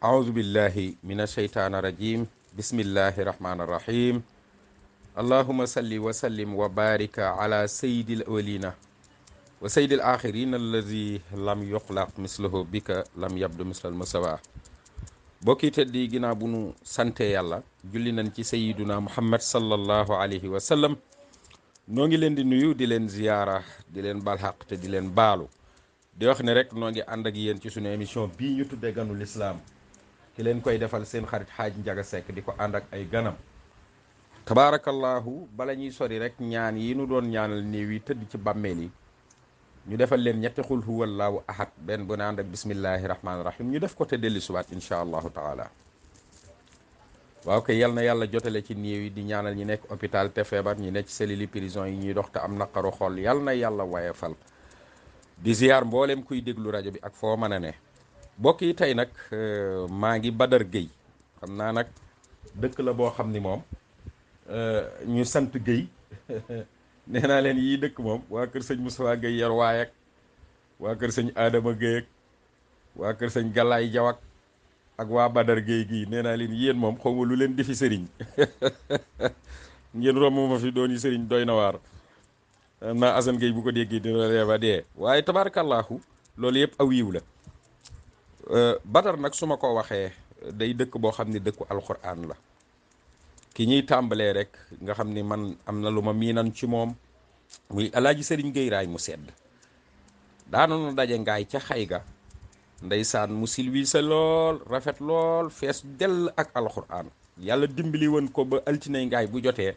أعوذ بالله من الشيطان الرجيم بسم الله الرحمن الرحيم اللهم صل وسلم وبارك على سيد الأولين وسيد الآخرين الذي لم يخلق مثله بك لم يبدو teddi ginnaaw bu sante yàlla julli nañ ci sayiduna muhammad sallallahu alayhi wa sallam ngi leen di nuyu di len ziyaara di leen balxaq di leen baalu di wax ne rek noo ngi ànd ak yéen ci sunu émission bi ñu tuddee ganu lislaam ki leen koy defal seen xarit xaaj njaga sekk di ko ànd ak ay ganam tabaarakallaahu bala ñuy sori rek ñaan yi nu doon ñaanal néew yi tëdd ci bàmmeel yi ñu defal leen ñetti xul huwallaahu ahad benn bu naan ak bismillahi rahmaani rahim ñu def ko te delli suwaat incha allahu taala waaw kay yal na yàlla jotale ci néew yi di ñaanal ñi nekk hôpital te feebar ñi nekk ci selili prison yi ñuy dox te am naqaru xool yal na yàlla waye fal di ziar kuy déglu rajo bi ak foo mën a ne mbokk yi tey nag euh, maa ngi Badar Gueye xam naa nag dëkk la boo xam ni moom euh, ñu sant Gueye nee naa leen yii dëkk moom waa kër sëñ Moussa Gueye yar waay waa kër sëñ aadama Gueye ak waa kër sëñ Galaay Jaw ak waa Badar Gueye gii nee naa leen yéen moom xaw lu leen di fi sëriñ ngeen romb ma fi doon yi sëriñ doy na waar am naa Assane Gueye bu ko déggee dina la dee waaye tabaarakallahu loolu yëpp aw yiw la Euh, batar nag su ma ko waxee day dëkk boo xam ni dëkku alxuraan la ki ñuy tàmbalee rek nga xam ni man am na lu ma miinan ci moom muy alaaji sëriñ géy raay mu sedd daanoonu daje ngaay ca ndey saan mu sa lool rafet lool fees dell ak alxuraan yàlla dimbali woon ko ba altinay ngaay bu jotee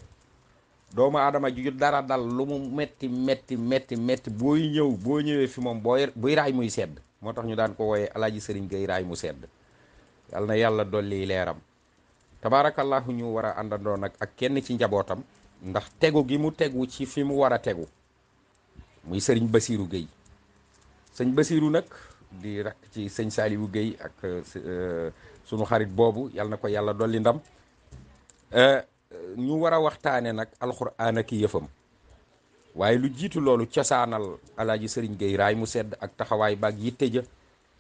doomu adama ju dara dal lu mu metti metti metti metti booy ñëw boo ñëwee fi moom booy buy raay muy sedd moo tax ñu daan ko wooyee alaaji sëriñ gay raay mu sedd yal na yàlla dolli leeram tabaarakallaahu ñu war a àndandoo nag ak kenn ci njabootam ndax tegu gi mu tegu ci fi mu war a tegu muy sëriñ basiiru géy sëñ basiiru nag di rak ci sëñ saaliwu géy ak eh, sunu xarit boobu yal na ko yàlla dolli ndam eh, ñu war a waxtaane nag alxuraan ak yëfam waaye lu jiitu loolu cosaanal alaaji sëriñ Gueye mu sedd ak taxawaay baag yitte ja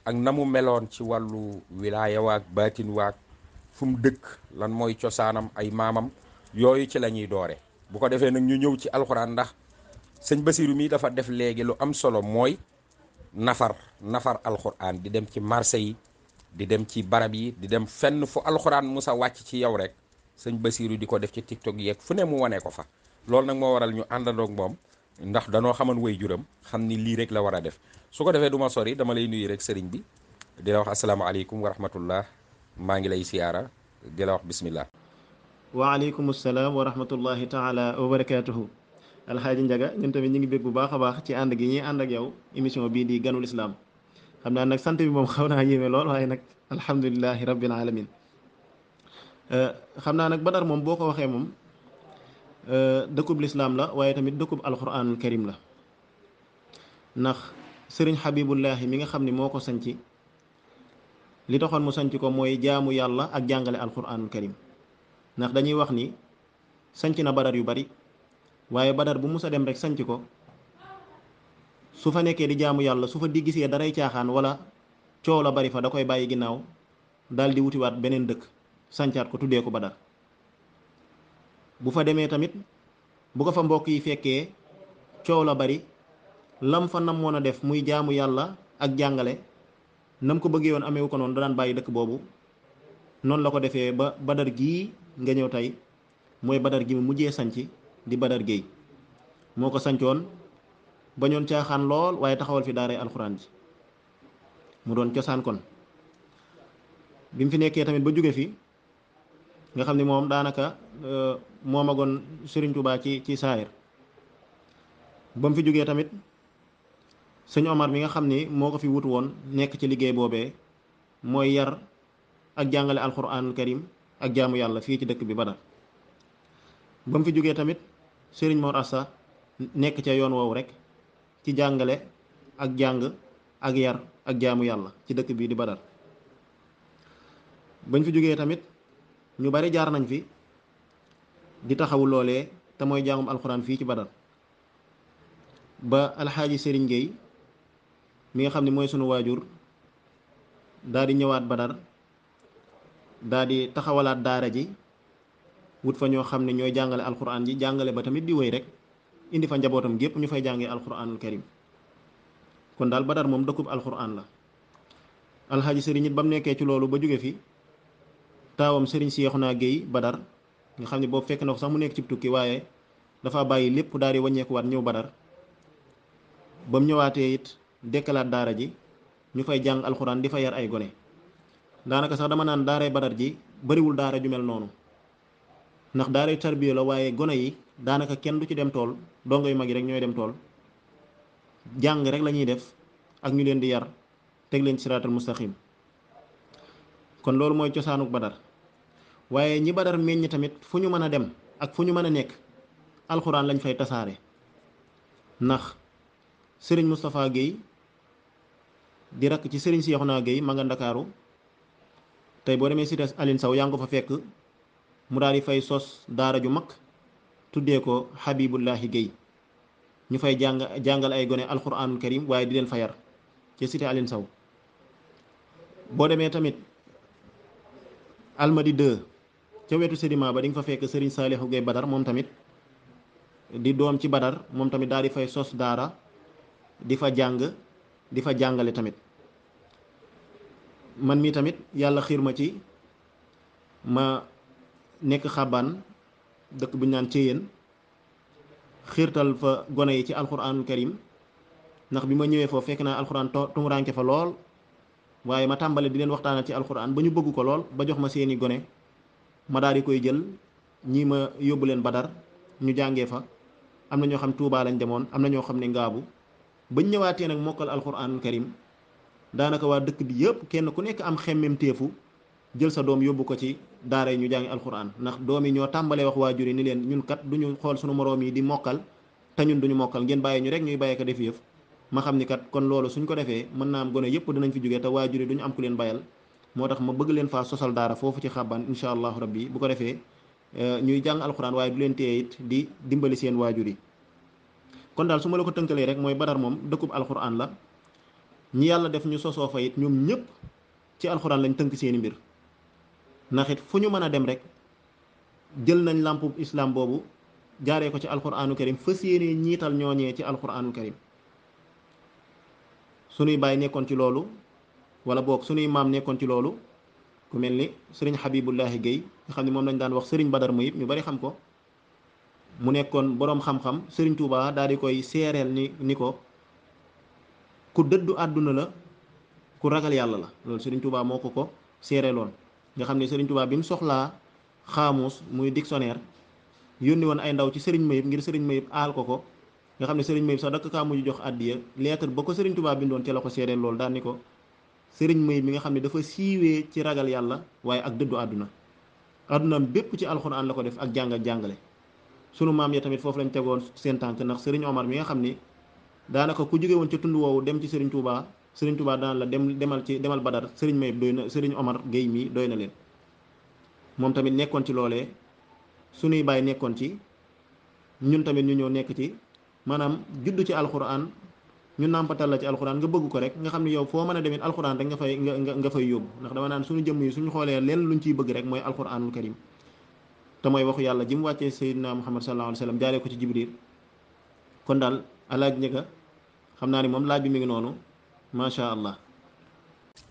ak na mu meloon ci wàllu wilaaya waag baatin waag fu mu dëkk lan mooy cosaanam ay maamam yooyu ci la ñuy doore bu ko defee nag ñu ñëw ci alxuraan ndax sëñ Basiru mii dafa def léegi lu am solo mooy nafar nafar alxuraan di dem ci marché yi di dem ci barab yi di dem fenn fu alxuraan sa wàcc ci yow rek sëñ basiiru di ko def ci tiktok yeeg fu ne mu wane ko fa loolu nag moo waral ñu àndandoog moom ndax danoo xaman way juram xam ni lii rek la war a def su ko defee du ma sori dama lay nuyu rek sëriñ bi di la wax asalaamaaleykum wa rahmatullah maa ngi lay siyaara di la wax bismillah waaleykum salaam wa rahmatullahi taala wa barakaatuhu alxaaji njaga ñun tamit ñu ngi bég bu baax a baax ci ànd gi ñuy ànd ak yow émission bii di ganul islaam xam naa nag sant bi moom xaw naa yéeme lool waaye nag alhamdulilahi rabbil alamin euh, xam naa nag badar moom boo ko waxee moom Euh, dëkkub lislaam la waaye tamit dëkkub alquranul karim la ndax sëriñ xabibullahi mi nga xam ne moo ko sanci li taxoon mu sanc ko mooy jaamu yàlla ak jàngale alquranul karim ndax dañuy wax ni sanc na badar yu bari waaye badar bu mus a dem rek sañc ko su fa nekkee di jaamu yàlla su fa di gisee daray caaxaan wala coow la bari fa da koy bàyyi ginnaaw daal di wutiwaat beneen dëkk sancaat ko tuddee ko badar bu fa demee tamit bu ko fa mbokk yi fekkee coow la bari lam fa namoon a def muy jaamu yàlla ak jàngale nam ko bëggee woon amewu ko noonu daan bàyyi dëkk boobu noonu la ko defee ba badar gii nga ñëw tey mooy badar gi mu mujjee sanc di badar géey moo ko sancoon bañoon caaxaan lool waaye taxawal fi daaray alxuraan ji mu doon cosaan kon bi mu fi nekkee tamit ba jóge fi nga xam ne moom daanaka euh, moo magoon Serigne Touba ci ci saayir ba mu fi jógee tamit sëñ Omar mi nga xam ni moo ko fi wut woon nekk ci liggéey boobee mooy yar ak jàngale alquranul karim ak jaamu yàlla fii ci dëkk bi Badar ba mu fi jógee tamit Serigne Mor Assa nekk ca yoon woowu rek ci jàngale ak jàng ak yar ak jaamu yàlla ci dëkk bii di Badar fi jógee tamit. ñu bari jaar nañ fi di taxawu loolee te mooy jàngum alxuraan fii ci Badar ba alxaaji sëriñ géey mi nga xam ne mooy sunu waajur daa di ñëwaat Badar daa di taxawalaat daara ji wut fa ñoo xam ne ñooy jàngale alxuraan ji jàngale ba tamit di wéy rek indi fa njabootam gépp ñu fay jàngee alxuraanul karim kon daal Badar moom dëkkub alxuraan la alxaaji Serigne it ba mu nekkee ci loolu ba jóge fi taawam Serigne naa Gueye Badar nga xam ne boo fekk na ko sax mu nekk ci tukki waaye dafa bàyyi lépp daal di wàññeekuwaat ñëw Badar ba mu ñëwaatee it dekkalaat daara ji ñu fay jàng alxuraan di fa yar ay gone daanaka sax dama naan daaray Badar ji bariwul daara ju mel noonu ndax daaray tarbiya la waaye gone yi daanaka kenn du ci dem tool dongo yu mag yi rek ñooy dem tool jàng rek lañuy def ak ñu leen di yar teg leen ci siraatal mustaqim kon loolu mooy cosaanuk badar waaye ñi badar meññ tamit fu ñu mën a dem ak fu ñu mën a nekk alxuraan lañ fay tasaare ndax sëriñ Moustapha Guèye di rakk ci sëriñ Cheikhouna naa ma nga ndakaaru tey boo demee cité Aline Sow yaa ngi ko fa fekk mu daal di fay sos daara ju mag tuddee ko Habibullahi Guèye ñu fay jàng jàngal ay gone alxuraanul karim waaye di leen fa yar ci cité Aline boo demee tamit almadi 2 ca wetu sédiment ba di fa fekk Serigne Saliou Gueye Badar moom tamit di doom ci Badar moom tamit daal di fay sos daara di fa jàng di fa jàngale tamit man mi tamit yàlla xiir ma ci ma nekk xabaan dëkk bu ñu naan Céyeen xiirtal fa gone yi ci alxuraanul karim ndax bi ma ñëwee foo fekk naa alxuraan tumuranke fa lool waaye ma tàmbale di leen waxtaanal ci alxuraan ba ñu bëgg ko lool ba jox ma seeni gone ma daal di koy jël ñii ma yóbbu leen Badar ñu jàngee fa am na ñoo xam Touba lañ demoon am na ñoo xam ne Ngaabu bañ ñëwaatee nag mokkal alxuraanul karim daanaka waa dëkk bi yëpp kenn ku nekk am xemmem teefu jël sa doom yóbbu ko ci daara yi ñu jàngi alxuraan ndax doom yi ñoo tàmbalee wax waajur yi ni leen ñun kat duñu xool suñu moroom yi di mokkal te ñun duñu mokkal ngeen bàyyi ñu rek ñuy bàyyi ko def yëf ma xam ni kat kon loolu suñ ko defee mën naa am gone yëpp dinañ fi jógee te waajur yi duñu am ku leen bayal moo tax ma bëgg leen faa sosal daara foofu ci xàbbaan incha allahu rabbi bu ko defee eh, ñuy jàng alxuraan waaye du leen téye it di dimbali seen waajur yi kon daal su ma la ko tënkalee rek mooy badar moom dëkkub alxuraan la ñi yàlla def ñu sosoo fa it ñoom ñëpp ci alxuraan lañ tënk seeni mbir ndax it fu ñu mën a dem rek jël nañ làmpu islam boobu jaaree ko ci alxuraanu karim fas yéenee ñiital ñooñee ci alxuraanu karim suñuy baay nekkoon ci loolu wala boog suñuy maam nekkoon ci loolu ku mel ni sëriñ Habibullahi Guèye nga xam ne moom lañ daan wax sëriñ Badar Muyib ñu bari xam ko mu nekkoon boroom xam-xam sëriñ Touba daal di koy seereel ni ni ko ku dëddu àdduna la ku ragal yàlla la loolu sëriñ Touba moo ko ko seereeloon nga xam ne sëriñ Touba bi mu soxlaa xaamuus muy dictionnaire yónni woon ay ndaw ci sëriñ Muyib ngir sëriñ Muyib aal ko ko nga xam ne sëriñ Mayib sax dakk kaa mujj jox addiya lettre ba ko sëriñ Tuubaa bindoon ca la ko seedeel loolu daal ni ko sëriñ Mayib mi nga xam ne dafa siiwee ci ragal yàlla waaye ak dëddu àdduna addunaam bépp ci alxuraan la ko def ak jàngal jàngale sunu maam ya tamit foofu lañ tegoon seen tànk ndax sëriñ Omar bi nga xam ni daanaka ku jóge woon ca tund woowu dem ci sëriñ Touba sëriñ Touba daan la dem demal ci demal Badar sëriñ Mayib doy na sëriñ Omar Guèye mii doy na leen tamit nekkoon ci loolee sunuy bàyyi nekkoon ci ñun tamit ñu ñëw nekk ci maanaam judd ci alxuraan ñu nàmpatal la ci alxuraan nga bëgg ko rek nga xam ne yow foo mën a demit alxuraan rek nga fay nga nga fay yóbbu ndax dama naan suñu jëmm yi suñu xoolee leen luñ ciy bëgg rek mooy alxuraanul karim te mooy waxu yàlla ji mu wàccee sayyidina muhammad sallallahu alayhi wasallam jaaree ko ci jibril kon daal alaaj njëga xam naa ni moom laaj bi mu ngi noonu macha allah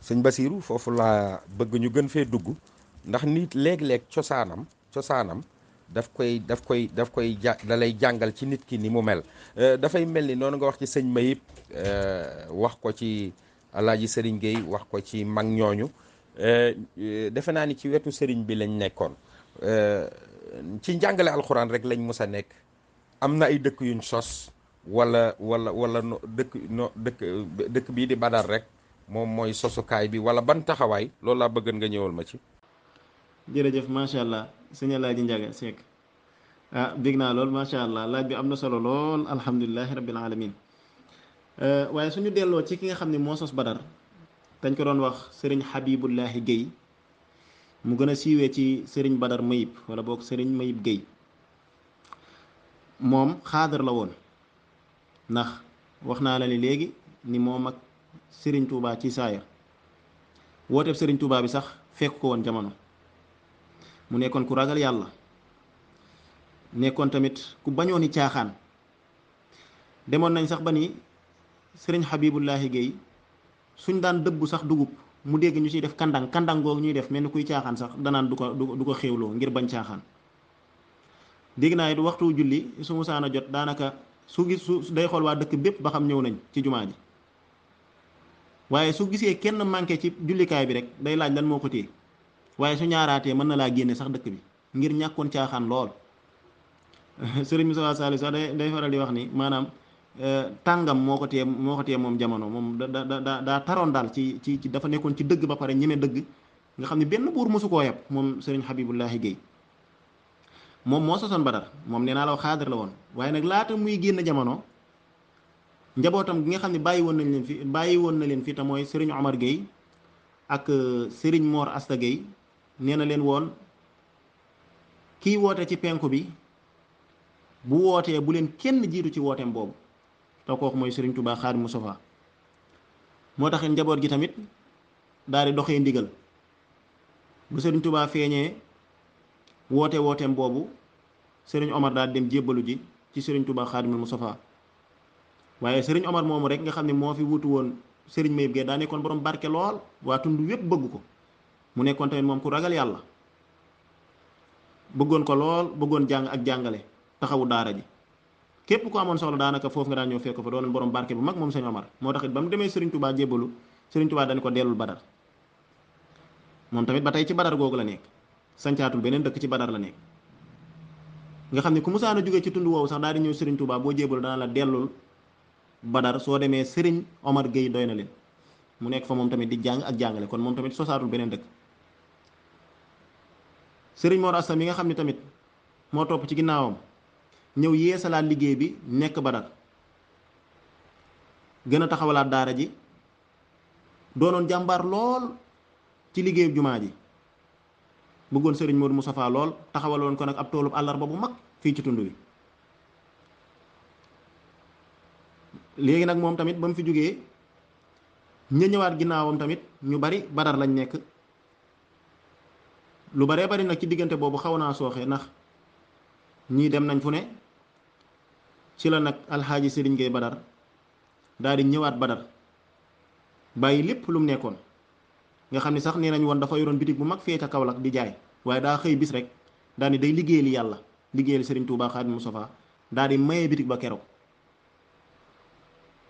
sëñ basiiru foofu laa bëgg ñu gën fee dugg ndax nit léeg-léeg cosaanam cosaanam daf koy daf koy daf koy ja da jàngal ci nit ki ni mu mel euh, dafay mel ni noonu nga wax ci sëñ Mayib euh, wax ko ci alaaji sëriñ Gueye wax ko ci mag ñooñu euh, defe naa ni ci wetu sëriñ bi lañ nekkoon ci njàngale alxuraan rek lañ mus a nekk am na ay dëkk yuñ sos wala walla wala no dëkk dëkk bii di Badar rek moom mooy sosukaay bi wala ban taxawaay loolu laa bëgg nga ñëwal ma ci. jërëjëf sëñ Alaaji Njaga seek ah dégg naa lool macha allah laaj bi am na solo lool alhamdulilahi rabbil alamin eh, waaye suñu delloo ci ki nga xam ne moo sos badar dañ ko doon wax sëriñ Habibullahi Guèye mu gën a siiwee ci sëriñ badar mayib wala boog sëriñ mayib Guèye moom xaadar la woon ndax wax naa la ne léegi ni moom ak sëriñ Touba ci saayar wooteeb sëriñ Touba bi sax fekk ko woon jamono mu nekkoon ku ragal yàlla nekkoon tamit ku bañoo ni caaxaan demoon nañ sax ba ni sëriñ Xabibullahi Guèye suñ daan dëbbu sax dugub mu dégg ñu ciy def kandang kandang googu ñuy def mel ni kuy caaxaan sax danaan du ko du ko xéewloo ngir bañ caaxaan dégg naa it waxtu julli su musaan jot daanaka su gis day xool waa dëkk bépp ba xam ñëw nañ ci jumaa ji waaye su gisee kenn manqué ci jullikaay bi rek day laaj lan moo ko téye waaye su ñaaraatee mën na laa génne sax dëkk bi ngir ñàkkoon caaxaan lool sëriñ Moussa Sall sax day day faral di wax ni maanaam euh, tàngam moo ko téye moo ko moom jamono moom da da daa taroon daal ci ci ci dafa nekkoon ci dëgg ba pare ñeme dëgg nga xam ne benn buur mosu koo yab moom sëriñ Habibullahi Guèye moom moo sosoon Badar moom nee naa la xaadar la woon waaye nag laata muy génn jamono njabootam gi nga xam ne bàyyi woon nañ leen fi bàyyi woon na leen fi te mooy sëriñ Omar Guèye ak euh, sëriñ Mor Asta Guèye nee na leen woon kiy woote ci penku bi bu wootee bu leen kenn jiitu ci wooteem boobu te kooku mooy Serigne Touba Xaadimu Mustafaa moo tax njaboot gi tamit daal di doxee ndigal bu Serigne Touba feeñee woote wooteem boobu Serigne Omar daal dem jébbalu ji ci Serigne Touba Xaadimul Mustafaa waaye Serigne Omar moomu rek nga xam ne moo fi wutu woon Serigne Mayib gee daa nekkoon borom barke lool waa tund yépp bëgg ko. mu nekkoon tamit moom ku ragal yàlla bëggoon ko lool bëggoon jàng ak jàngale taxawu daara ji képp ku amoon soxla daanaka foofu nga daan ñëw fekk fa doonoon borom barke bu mag moom sëñ Omar moo tax it ba mu demee Serigne Touba jébbalu dañ ko dellul Badar moom tamit ba tey ci Badar googu la nekk sancaatul beneen dëkk ci Badar la nekk nga xam ne ku musaana jógee ci tund woowu sax daal di ñëw Serigne Touba boo jébbalu dana la dellul Badar soo demee Serigne Omar Gueye doy na leen mu nekk fa moom tamit di jàng ak jàngale kon moom tamit sosaatul beneen dëkk. sëriñ Mor Asta mi nga xam ne tamit moo topp ci ginnaawam ñëw yeesalaat liggéey bi nekk Badar gën a taxawalaat daara ji doonoon jàmbaar lool ci liggéeyu jumaa ji bëggoon sëriñ Modou Moustapha lool taxawaloon ko nag ab toolub àllarba bu mag fii ci tund wi léegi nag moom tamit ba mu fi jógee ña ñëwaat ginnaawam tamit ñu bari Badar lañ nekk lu baree bari nag ci diggante boobu xaw naa sooxee ndax ñii dem nañ fu ne ci la nag alxaaji sëriñ Gueye Badar daal di ñëwaat Badar bàyyi lépp lu mu nekkoon nga xam ne sax nee nañ woon dafa yoroon bitig bu mag fee ca Kaolack di jaay waaye daa xëy bis rek daa di day liggéeyal yàlla liggéeyal sëriñ Touba Xaadim Moustapha daal di maye bitig ba keroog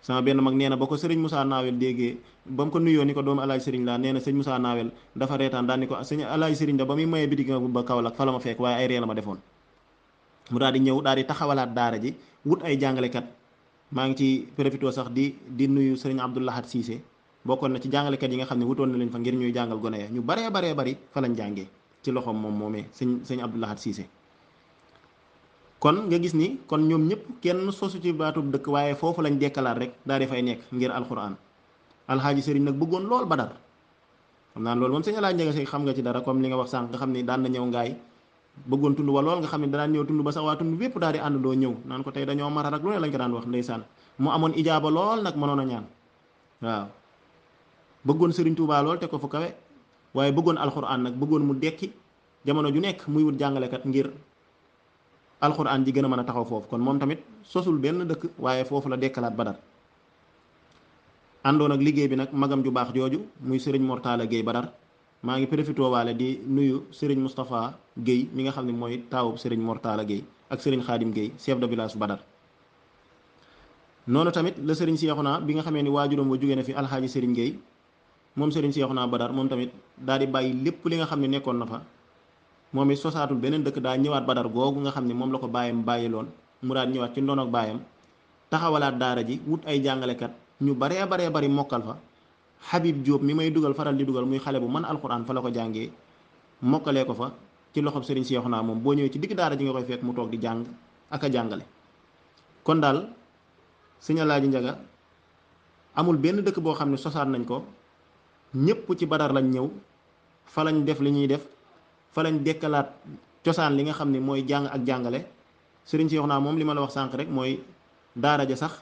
sama benn mag nee na ba ko sëriñ Moussa Nawel déggee ba mu ko nuyoo ni ko doomu alaaj sëriñ laa nee na sëñ Moussa Nawel dafa reetaan daan ni ko sëñ alaaj sëriñ da ba muy maye bitig ba la ma fekk waaye ay ree defoon mu daal di ñëw daal di taxawalaat daara ji wut ay jàngalekat maa ngi ci profité sax di di nuyu sëriñ Abdou Lahad Cissé bokkoon na ci jàngalekat yi nga xam ne wutoon na leen fa ngir ñuy jàngal gone ya ñu baree baree bari fa lañ jàngee ci loxoom moom moomee sëñ sëñ Abdou Lahad Cissé kon nga gis ni kon ñoom ñëpp kenn sosu ci baatub dëkk waaye foofu lañ dekkalaat rek daal di fay nekk ngir alquran alxaaji sëriñ nag bëggoon lool badar xam naa loolu moom sëñ alaaji njëga xam nga ci dara comme li nga wax sànq xam ni daan na ñëw ngaay bëggoon tund wa lool nga xam ne danaan ñëw tund ba sax waa tund wépp daal di àndandoo ñëw naan ko tey dañoo marar ak lu ne lañ ko daan wax ndeysaan mu amoon ijaaba lool nag mënoon ñaan waaw bëggoon sëriñ Tuubaa lool te ko fu kawe waaye bëggoon alxuraan nag bëggoon mu dekki jamono ju nekk muy wut jàngalekat ngir alxuraan ji gën a mën a taxaw foofu kon moom tamit sosul benn dëkk waaye foofu la dekkalaat badar àndoon ak liggéey bi nag magam ju baax jooju muy sëriñ Mortala Guèye badar maa ngi profité waale di nuyu sëriñ Moustapha Guèye mi nga xam ne mooy taawub sëriñ mortaala Guèye ak sëriñ Xaadim Guèye chef de village badar noonu tamit la sëriñ Seexuna bi nga xamee ni waajuram wa jóge na fi alxaaji sëriñ géey moom sëriñ Seexuna badar moom tamit daal di bàyyi lépp li nga xam ne nekkoon na moom it sosaatul beneen dëkk daa ñëwaat badar googu nga xam ne moom la ko bàyyi bàyyiloon mu daal ñëwaat ci ndonoog baayam taxawalaat daara ji wut ay jàngalekat ñu baree baree bari mokkal fa Habib Diop mi may dugal faral di dugal muy xale bu mën alxuraan fa la ko jàngee mokkalee ko fa ci loxob Serigne naa moom boo ñëwee ci dikk daara ji nga koy fekk mu toog di jàng ak a jàngale. kon daal sëñ Njaga amul benn dëkk boo xam ne sosaat nañ ko ñëpp ci badar lañ ñëw fa lañ def li ñuy def fa lañ dekkalaat cosaan li nga xam ne mooy jàng ak jàngale sëriñ si wax naa moom li ma la wax sànq rek mooy daara ja sax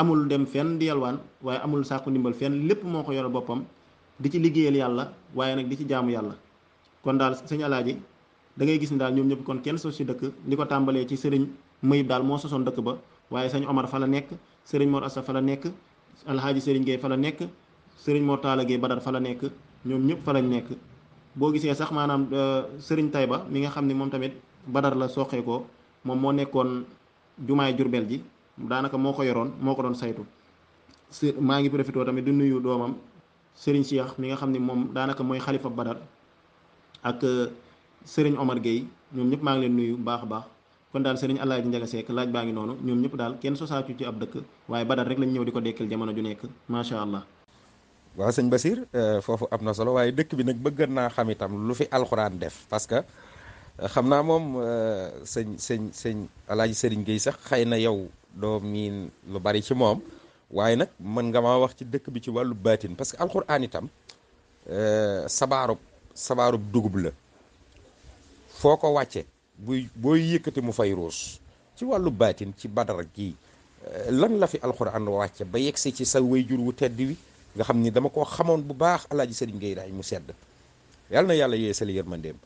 amul dem fenn di yalwaan waaye amul sàkku ndimbal fenn lépp moo ko yoral boppam di ci liggéeyal yàlla waaye nag di ci jaamu yàlla kon daal sëñ alaaji da gis ni daal ñoom ñëpp kon kenn sos si dëkk li ko tàmbalee ci sëriñ Mayib daal moo sosoon dëkk ba waaye sëñ Omar fa la nekk sëriñ Mor sa fa la nekk alxaaji sëriñ Gueye fa la nekk sëriñ Mor Talla Gueye Badar fa la nekk ñoom ñëpp fa lañ nekk boo gisee sax maanaam euh, sëriñ ba mi nga xam ne moom tamit badar la soqee ko moom moo nekkoon jumaay jurbel ji daanaka moo ko yoroon moo ko doon saytu si maa ngi profité tamit di nuyu doomam sëriñ Cheikh mi nga xam ni moom daanaka mooy xalifa badar ak euh, sëriñ Omar Gueye ñoom ñëpp maa ngi leen nuyu baax a baax kon daal sëriñ Alaaji Njaga Seck laaj baa ngi noonu ñoom ñëpp daal kenn sosaatu ci ab dëkk waaye badar rek lañ ñëw di ko dekkal jamono ju nekk macha allah waa sëñ Basir euh, foofu am na solo waaye dëkk bi nag bëggan naa xam itam lu fi alxuraan def parce que euh, xam naa moom euh, sëñ sëñ sëñ alaaji sëriñ Gueye sax xëy na yow doo miin lu bari ci moom waaye nag mën nga maa wax ci dëkk bi ci wàllu baatin parce que alxuraan itam sabaarub sabaarub dugub la foo ko wàcce buy booy yëkkati mu fay ruus ci wàllu baatin ci badar gii lan la fi alxuraan wàcce ba yegsi ci sa wayjur wu tedd wi nga xam ni dama koo xamoon bu baax alaaji sëriñ géey daay mu sedd yàlla na yàlla yee yeesali yërmandeem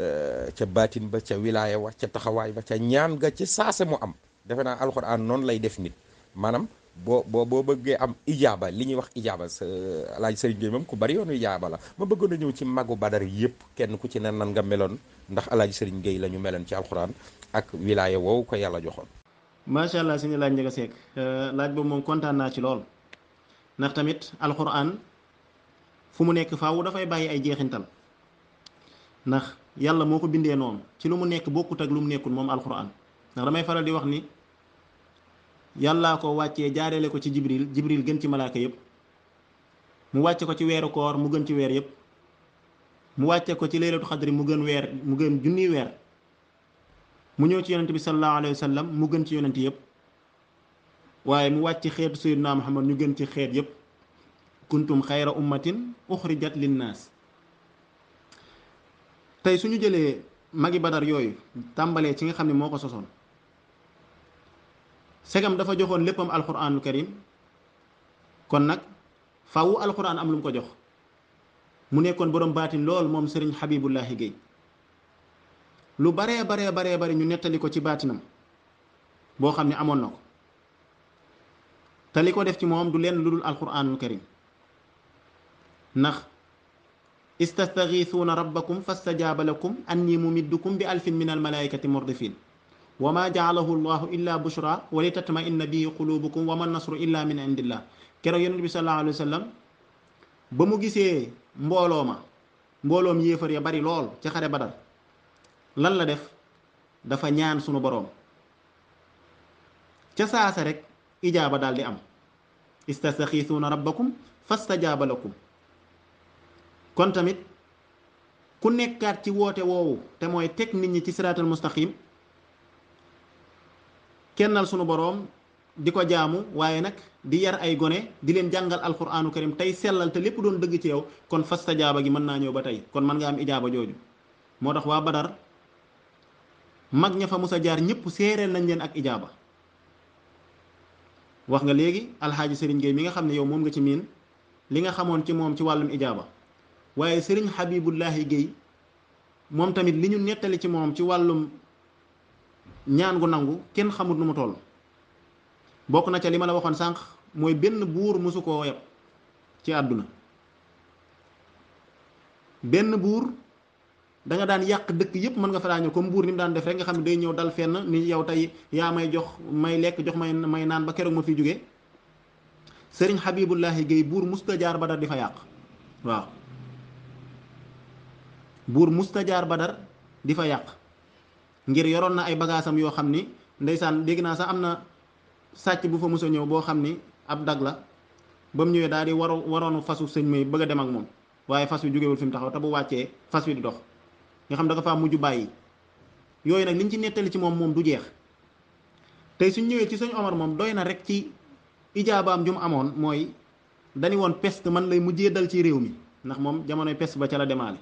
euh, ca baatin ba ca wilaaya wa ca taxawaay ba ca ñaan ga ci saase mu am defe naa alxuraan noonu lay def nit maanaam boo boo boo bëggee am ijaaba li ñuy wax ijaaba sa euh, alaaji sëriñ Gueye moom ku bari yoonu ijaaba la ma bëggoon a ñëw ci magu badar yëpp kenn ku ci ne nan nga meloon ndax alaaji sëriñ géey la ñu meloon ci alxuraan ak wilaaya wow ko yàlla joxoon macha allah a seek euh, kontaan naa ci lool ndax tamit alxuraan fu mu nekk faaw dafay bàyyi ay jeexintal ndax yàlla moo ko bindee noonu ci lu mu nekk bokkut ak lu mu nekkul moom alxuraan ndax damay faral di wax ni yàllaa ko wàccee jaareele ko ci jibril jibril gën ci malaaka yépp mu wàcce ko ci weeru koor mu gën ci weer yépp mu wàcce ko ci leylatu xadri mu gën weer mu gën junniy weer mu ñëw ci yonent bi sallallahu alayhi wa mu gën ci yonent yépp waaye mu wàcc xeetu sayyidina Muhammad ñu gën ci xeet yépp kuntum xayra ummatin uxrijat linnaas tey suñu jëlee magi badar yooyu tàmbalee ci nga xam ne moo ko sosoon segam dafa joxoon léppam alquranul karim kon nag faawu alquran am lu mu ko jox mu nekkoon borom baatin lool moom sëriñ Habibullahi Guèye lu baree baree baree bari ñu nettali ko ci baatinam boo xam ne amoon na ko te li ko def ci moom du leen lu dul alquranul karim ndax istastagiisuuna rabbakum fastajaaba lakum anni mumiddukum bi alfin min almalaikati mordifin wa ma jaalahu llahu illa bushra wa li tatma inna bihi qulubukum wa ma nasru illa min indillah keroog yonent bi sallallahu alayhi wa sallam ba mu gisee mbooloo ma mbooloom yéefar ya bari lool ca xare badar lan la def dafa ñaan sunu boroom ca saasa rek ijaaba daal di am istastaxiisuuna rabbakum fastajaaba lakum kon tamit ku nekkaat ci woote woowu te mooy teg nit ñi ci siraatal mustaqim kennal sunu boroom di ko jaamu waaye nag di yar ay gone di leen jàngal alquraanu karim tey sellal te lépp doon dëgg ci yow kon fastajaaba gi mën naa ñëw ba tey kon mën nga am ijaaba jooju moo tax waa Badar mag ña fa musa jaar ñëpp séeréel nañ leen ak ijaaba wax nga léegi alxaaji Serigne Gueye mi nga xam ne yow moom nga ci miin li nga xamoon ci moom ci wàllum ijaaba waaye Serigne Habibullahi Gueye moom tamit li ñu nettali ci moom ci wàllum ñaan gu nangu kenn xamut nu mu toll bokk na ca li ma la waxoon sànq mooy benn buur mosu koo yab ci àdduna benn buur da nga daan yàq dëkk yëpp mën nga fa daa comme buur ni mu daan def rek nga xam ne day ñëw dal fenn ni yow tey yaa may jox may lekk jox may may naan ba keroog ma fi jóge sëriñ Habibullahi Guèye buur musta jaar Badar di fa yàq waaw buur musta jaar Badar di fa yàq ngir yoroon na ay bagaasam yoo xam ni ndeysaan dégg naa sax am na sàcc bu fa mos ñëw boo xam ni ab dag la ba mu ñëwee daal di waru waroon fasu sëñ may bëgg a dem ak moom waaye fas wi jógewul fi taxaw te bu wàccee fas wi di dox nga xam dafa faa mujj bàyyi yooyu nag liñ ci nettali ci moom moom du jeex tey suñ ñëwee ci sëñ Omar moom doy na rek ci ijaabaam ju mu amoon mooy dañu woon peste man lay mujjee dal ci réew mi ndax moom jamonoy peste ba ca la demaale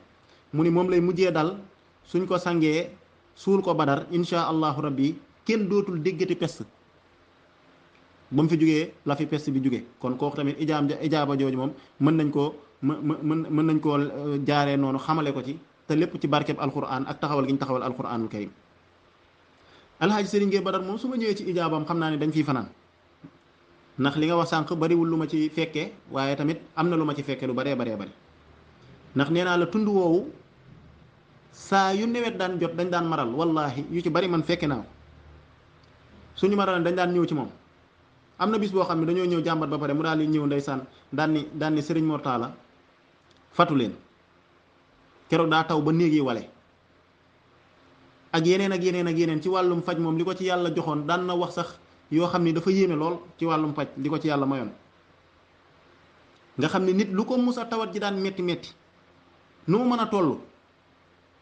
mu ni moom lay mujjee dal suñ ko sangee suul ko ba dar insha allahu rabbi kenn dootul déggati pest ba mu fi jugee la fi peste bi jugee kon kooku tamit ijaam ijaaba jooju moom mën nañ koo mën mën mën nañ koo euh, jaaree noonu xamale ko ci lépp ci barkeb alquran ak taxawal gi ñu taxawal alquranul karim alxaaji sëriñ Gueye Badar moom su ma ñëwee ci ijaabam xam naa ne dañ fiy fanaan ndax li nga wax sànq bariwul lu ma ci fekkee waaye tamit am na lu ma ci fekkee lu bare baree bari ndax nee naa la tund woowu saa yu nawet daan jot dañ daan maral wallahi yu ci bari man fekke naa ko suñu maral dañ daan ñëw ci moom am na bis boo xam ne dañoo ñëw jàmbat ba pare mu daal di ñëw ndeysaan daan ni daan sëriñ Mortala fatu leen keroog daa taw ba néegi wale ak yeneen ak yeneen ak yeneen ci wàllum faj moom li ko ci yàlla joxoon daan na wax sax yoo xam ni dafa yéeme lool ci wàllum faj li ko ci yàlla mayoon nga xam ni nit lu ko musa tawat ji daan metti metti nu mu mën a toll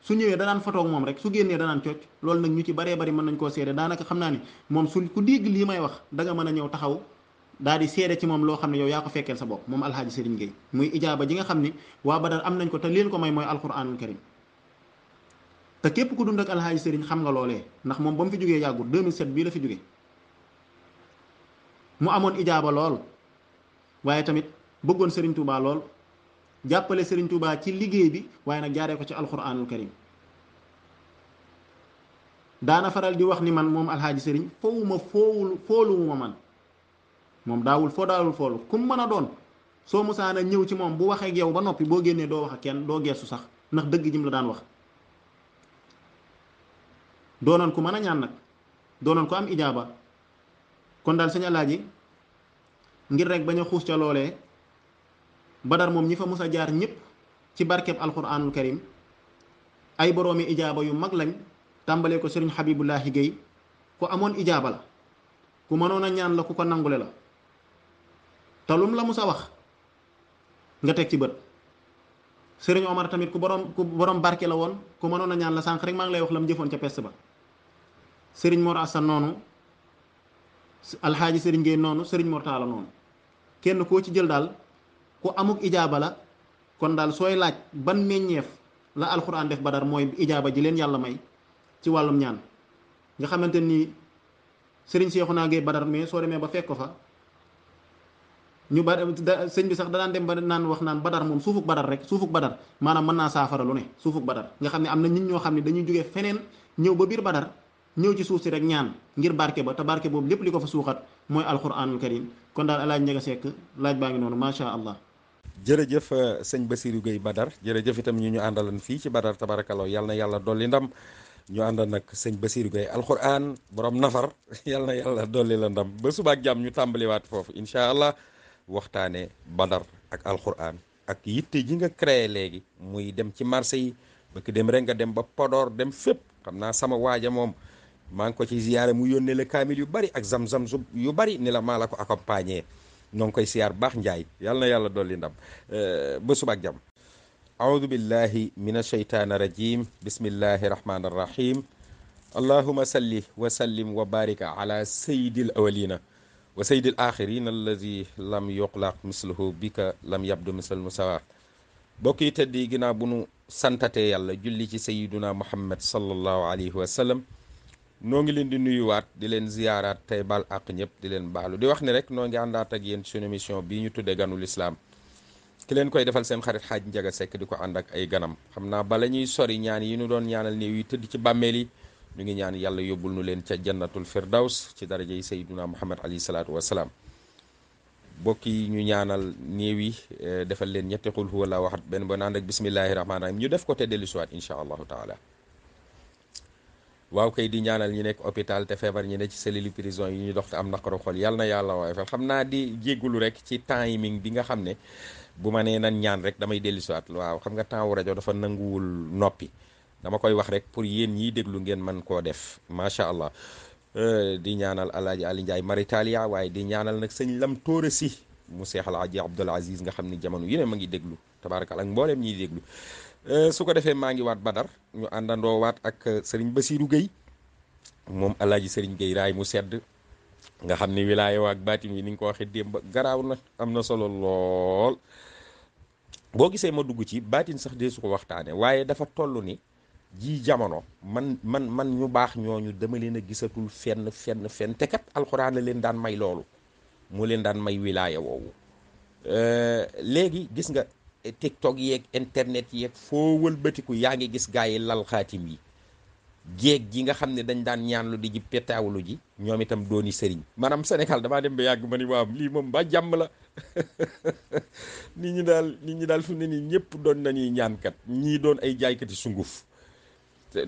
su ñëwee danaan fotoog moom rek su génnee danaan cocc loolu nag ñu ci baree bari mën nañ koo seede daanaka xam naa ni moom su ku dégg lii may wax danga mën a ñëw taxaw daal di seede ci moom loo xam ne yow yaa ko fekkeel sa bopp moom alxaaji Serigne Gueye muy ijaaba ji nga xam ne waa Badar am nañ ko te leen ko may mooy alquranul karim te képp ku dund ak alxaaji sëriñ xam nga loolee ndax moom ba mu fi jógee yàggul 2007 bii la fi jógee amoon ijaaba lool waaye tamit bëggoon Serigne lool jàppale Serigne Touba ci liggéey bi waaye nag jaaree ko ci alquranul karim daana faral di wax ni man moom alxaaji Serigne foowu ma foowul foolu man moom daawul foo daawul foolu ku mu mën a doon soo musaana ñëw ci moom bu waxee ak yow ba noppi boo génnee doo wax ak kenn doo geesu sax ndax dëgg jim la daan wax doonoon ku mën a ñaan nag doonoon ko am ijaaba kon daal sëñ alaaji ngir rek bañ a xuus ca loolee badar moom ñi fa mus a jaar ñépp ci barkeb alquranul karim ay boroomi ijaaba yu mag lañ tàmbalee ko sëriñ Habibullahi Guèye ku amoon ijaaba la ku mënoon a ñaan la ku ko nangule la te la mu sa wax nga teg ci bët Serigne Omar tamit ku borom ku borom barke la woon ku mënoon a ñaan la sànq maa ngi lay wax la mu jëfoon ca pest ba Serigne Mor Assane noonu alxaaji Serigne Gueye noonu Serigne Mor Talla noonu kenn koo ci jël daal ku amuk ijaaba la kon daal sooy laaj ban meññeef la alxuraan def badar mooy ijaaba ji leen yàlla may ci wàllum ñaan nga xamante ni Serigne naa Gueye badar mais soo demee ba fekk ko fa. ñu ba sëñ bi sax danaan dem ba naan wax naan badar moom suufuk badar rek suufuk badar maanaam mën naa saafara lu ne suufuk badar nga xam ne am na nit ñoo xam ne dañuy jógee feneen ñëw ba biir badar ñëw ci suuf si rek ñaan ngir barke ba te barke boobu lépp li ko fa suuxat mooy alquranul karim kon daal alaaj njega sekk laaj baa ngi noonu macha allah jërëjëf euh, sëñ Basirou Gueye Badar jërëjëf itam ñu ñu àndalan fii ci Badar tabarakallah yàlla na yàlla dolli ndam ñu àndal nag sëñ Basirou Gueye alquran borom nafar yàlla na yàlla dolli la ndam ba subaak jàmm ñu tàmbaliwaat foofu incha waxtaane badar ak alxuraan ak yitte ji nga créé léegi muy dem ci marché yi bëkk dem rek nga dem ba podoor dem fépp xam naa sama waaja moom maa ngi ko ci ziyaare mu yónnee le kaamil yu bari ak zam-zam yu bari ni la maa la ko accompagner ñoo ngi koy siyaar baax njaay yàlla na yàlla dolli ndam euh, ba suba ak jàmm aoudu billahi min asheytaan rajim bismillahi rahmaani rahim allahuma salli wa wa barika ala sayyidil awalina wa saydil axirin allazi lam yoqlaaq mislahu bika lam yabdu misal musawa bokk yi tedd yi ginaaw bu nu santatee yàlla julli ci sayiduna muhammad sallallahu alayhi wa sallam noo ngi leen di nuyuwaat di leen ziyaaraat tey baal àq ñëpp di leen baalu di wax ni rek noo ngi àndaat ak yéen suñu émission bii ñu tuddee ganu lislaam ki leen koy defal seen xarit xaaj njaga sekk di ko ànd ak ay ganam xam naa bala ñuy sori ñaan yi ñu doon ñaanal néew yi tëdd ci bàmmeel yi ñu ngi ñaan yàlla yóbbul nu leen ca jannatul firdaws ci daraja yi sayyiduna muhammad alayhi salaatu wasalaam bokk yi ñu ñaanal néew yi eh, defal leen ñetti xul huwa laa wax benn ba naan rek bismillahi rahmaani rahim ñu def ko te dellu siwaat incha allahu taala waaw kay di ñaanal ñi nekk hôpital te feebar ñi ne ci cellule prison yi ñu dox te am naqaru xol yàlla na yàlla woyofal xam naa di jéggulu rek ci timing bi nga xam ne bu ma nee nan ñaan rek damay dellu siwaat waaw nga temps rajo dafa nanguwul noppi dama koy wax rek pour yéen ñiy déglu ngeen man koo def macha allah euh, di ñaanal alaaji Ali Maritalia waaye di ñaanal nag sëñ Lam Touré si mu seex alaaji Abdoul Aziz nga xam ni jamono yu ne ma ngi déglu tabaarakal ak mbooleem ñiy déglu euh, su ko defee maa ngi waat ba Badar ñu àndandoo waat ak sëriñ Basirou Guèye moom alaaji sëriñ Guèye raay mu sedd nga xam ni wilaaya waak baatin wi ni ko waxee démb garaaw na am na solo lool boo gisee ma dugg ci baatin sax dee ko waxtaane waaye dafa toll ni jii jamono man man man ñu baax ñooñu dama leen a gisatul fenn fenn fenn te kat alxuraan leen daan may loolu moo leen daan may wilaaya woowu euh, léegi gis nga eh, tiktok yeeg internet yeeg foo wëlbatiku yaa ngi gis gaa yi lal xaatim yi géeg gi nga xam ne dañ daan ñaanlu di ji pétaawlu ji ñoom itam dooni sëriñ maanaam Sénégal damaa dem ba yàgg ma ni waaw lii moom ba jàmm la nit ñi daal nit ñi daal fu ne nii ñëpp doon nañuy ñaankat ñii doon ay jaaykati sunguf te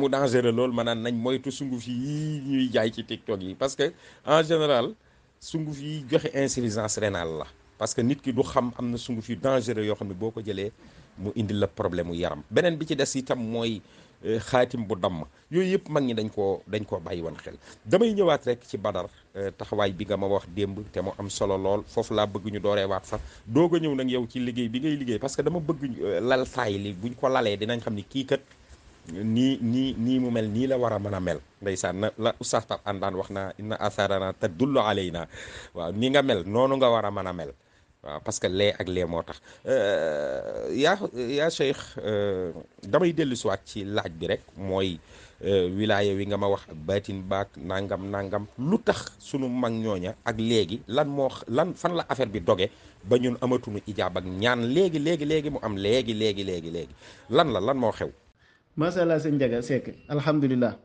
mu dangereux loolu manaan nañ moytu sunguf yi ñuy jaay ci TikTok yi parce que en général sunguf yi joxe insuffisance rénale la parce que nit ki du xam am na sunguf yi dangereux yoo xam ne boo ko jëlee mu indi la problème mu yaram beneen bi ci des itam mooy euh, xaatim bu damm yooyu yëpp mag ñi dañ koo dañ koo bàyyi woon xel damay ñëwaat rek ci badar euh, taxawaay bi nga ma wax démb te mu am solo lool foofu laa bëgg ñu dooree waat fa doog ñëw nag yow ci liggéey bi ngay liggéey parce que dama bëgg euh, lal taay li buñ ko lalee dinañ xam ni kii kat nii nii nii mu mel nii la war a mën a mel ndeysaan na la oustaz Pape Hann daan wax naa inna atharana tadullu alayna waaw ni nga mel noonu nga war a mën a mel waaw parce que lee ak lee moo tax euh, yaa yaa Cheikh euh, damay dellu si ci laaj bi rek mooy euh, wilaaya wi nga ma wax ak baatin baak nangam nangam lu tax sunu mag ñooña ak léegi lan moo lan fan la affaire bi doge ba ñun amatuñu ijaab ak ñaan léegi léegi léegi mu am léegi léegi léegi léegi lan la lan moo xew macha allah sëñ Njaga Seck alhamdulilah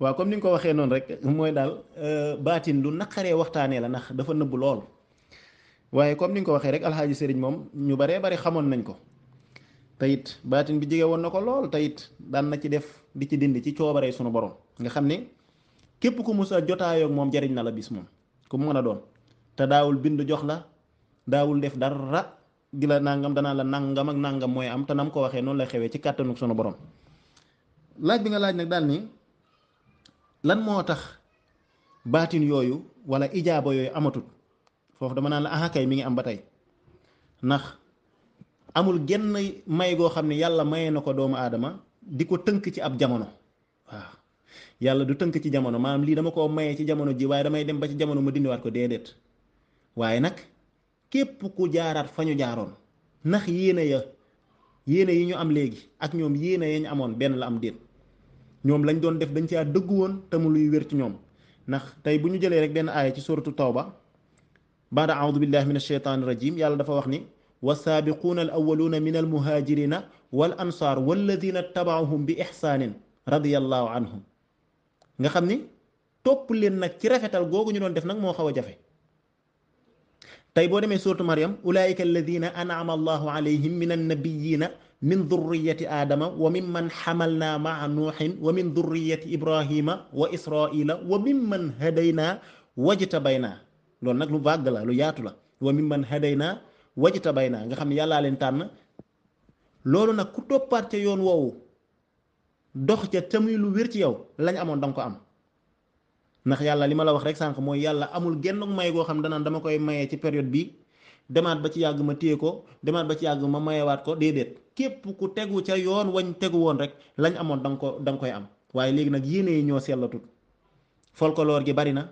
waaw comme ni nga ko waxee noonu rek mooy daal euh, baatin lu naqaree waxtaanee la ndax dafa nëbbu lool waaye comme ni nga ko waxee rek alxaaji sëriñ moom ñu baree bari xamoon nañ ko te it baatin bi jege woon na ko lool te it daan na ci def di ci dindi ci coobaree sunu borom nga xam ni képp ku musa jotaayoo ak moom jariñ na la bis moom ku mu mën a doon te daawul bind jox la daawul def dara di la nangam danaa la nangam ak nangam mooy am te nam ko waxee noonu la xewee ci kàttanu sunu borom. laaj bi nga laaj nag daal ni lan moo tax baatin yooyu wala ijaaba yooyu amatut foofu dama naan la aha kay mi ngi am ba tey ndax amul genn may goo xam ne yàlla maye na ko doomu aadama di ko tënk ci ab jamono waaw yàlla du tënk ci jamono maanaam lii dama koo maye ci jamono ji waaye damay dem ba ci jamono ma dindiwaat ko déedéet waaye nag képp ku jaaraat fa ñu jaaroon ndax yéene ya yéene yi ñu am léegi ak ñoom yéene ya ñu amoon benn la am déet ñoom lañ doon def dañ caa dëgg woon te mu luy wér ci ñoom ndax tey bu ñu jëlee rek benn aaya ci suratu tawba baada aoudu billahi min alsheytaani rajim yàlla dafa wax ni wasaabiquuna al awaluuna min almuhaajirina wal ansaar walladina tabaauhum bi ixsaanin radiallahu anhum nga xam ni topp leen nag ci rafetal googu ñu doon def nag moo xaw a jafe tey boo demee suratu mariam ulaayika alladina anama allahu min annabiyina min durriyati aadama wa min man naa ma nuuxin wa min durriyati ibrahima wa israila wa min man hadaynaa wajtabaynaa loolu nag lu vague la lu yaatu la wa min man hadaynaa wajtabaynaa nga xam ne yàllaa leen tànn loolu nag ku toppaat ca yoon woowu dox ca tamuy lu wér ci yow lañ amoon danga ko am ndax yàlla li ma la wax rek sànq mooy yàlla amul genn may goo xam danaan dama koy mayee ci période bi demaat ba ci yàgg ma téye ko demaat ba ci yàgg ma mayewaat ko déedéet képp ku tegu ca yoon wañ tegu woon rek lañ amoon danga ko danga koy am waaye léegi nag yéene yi ñoo sellatut folklore gi bari na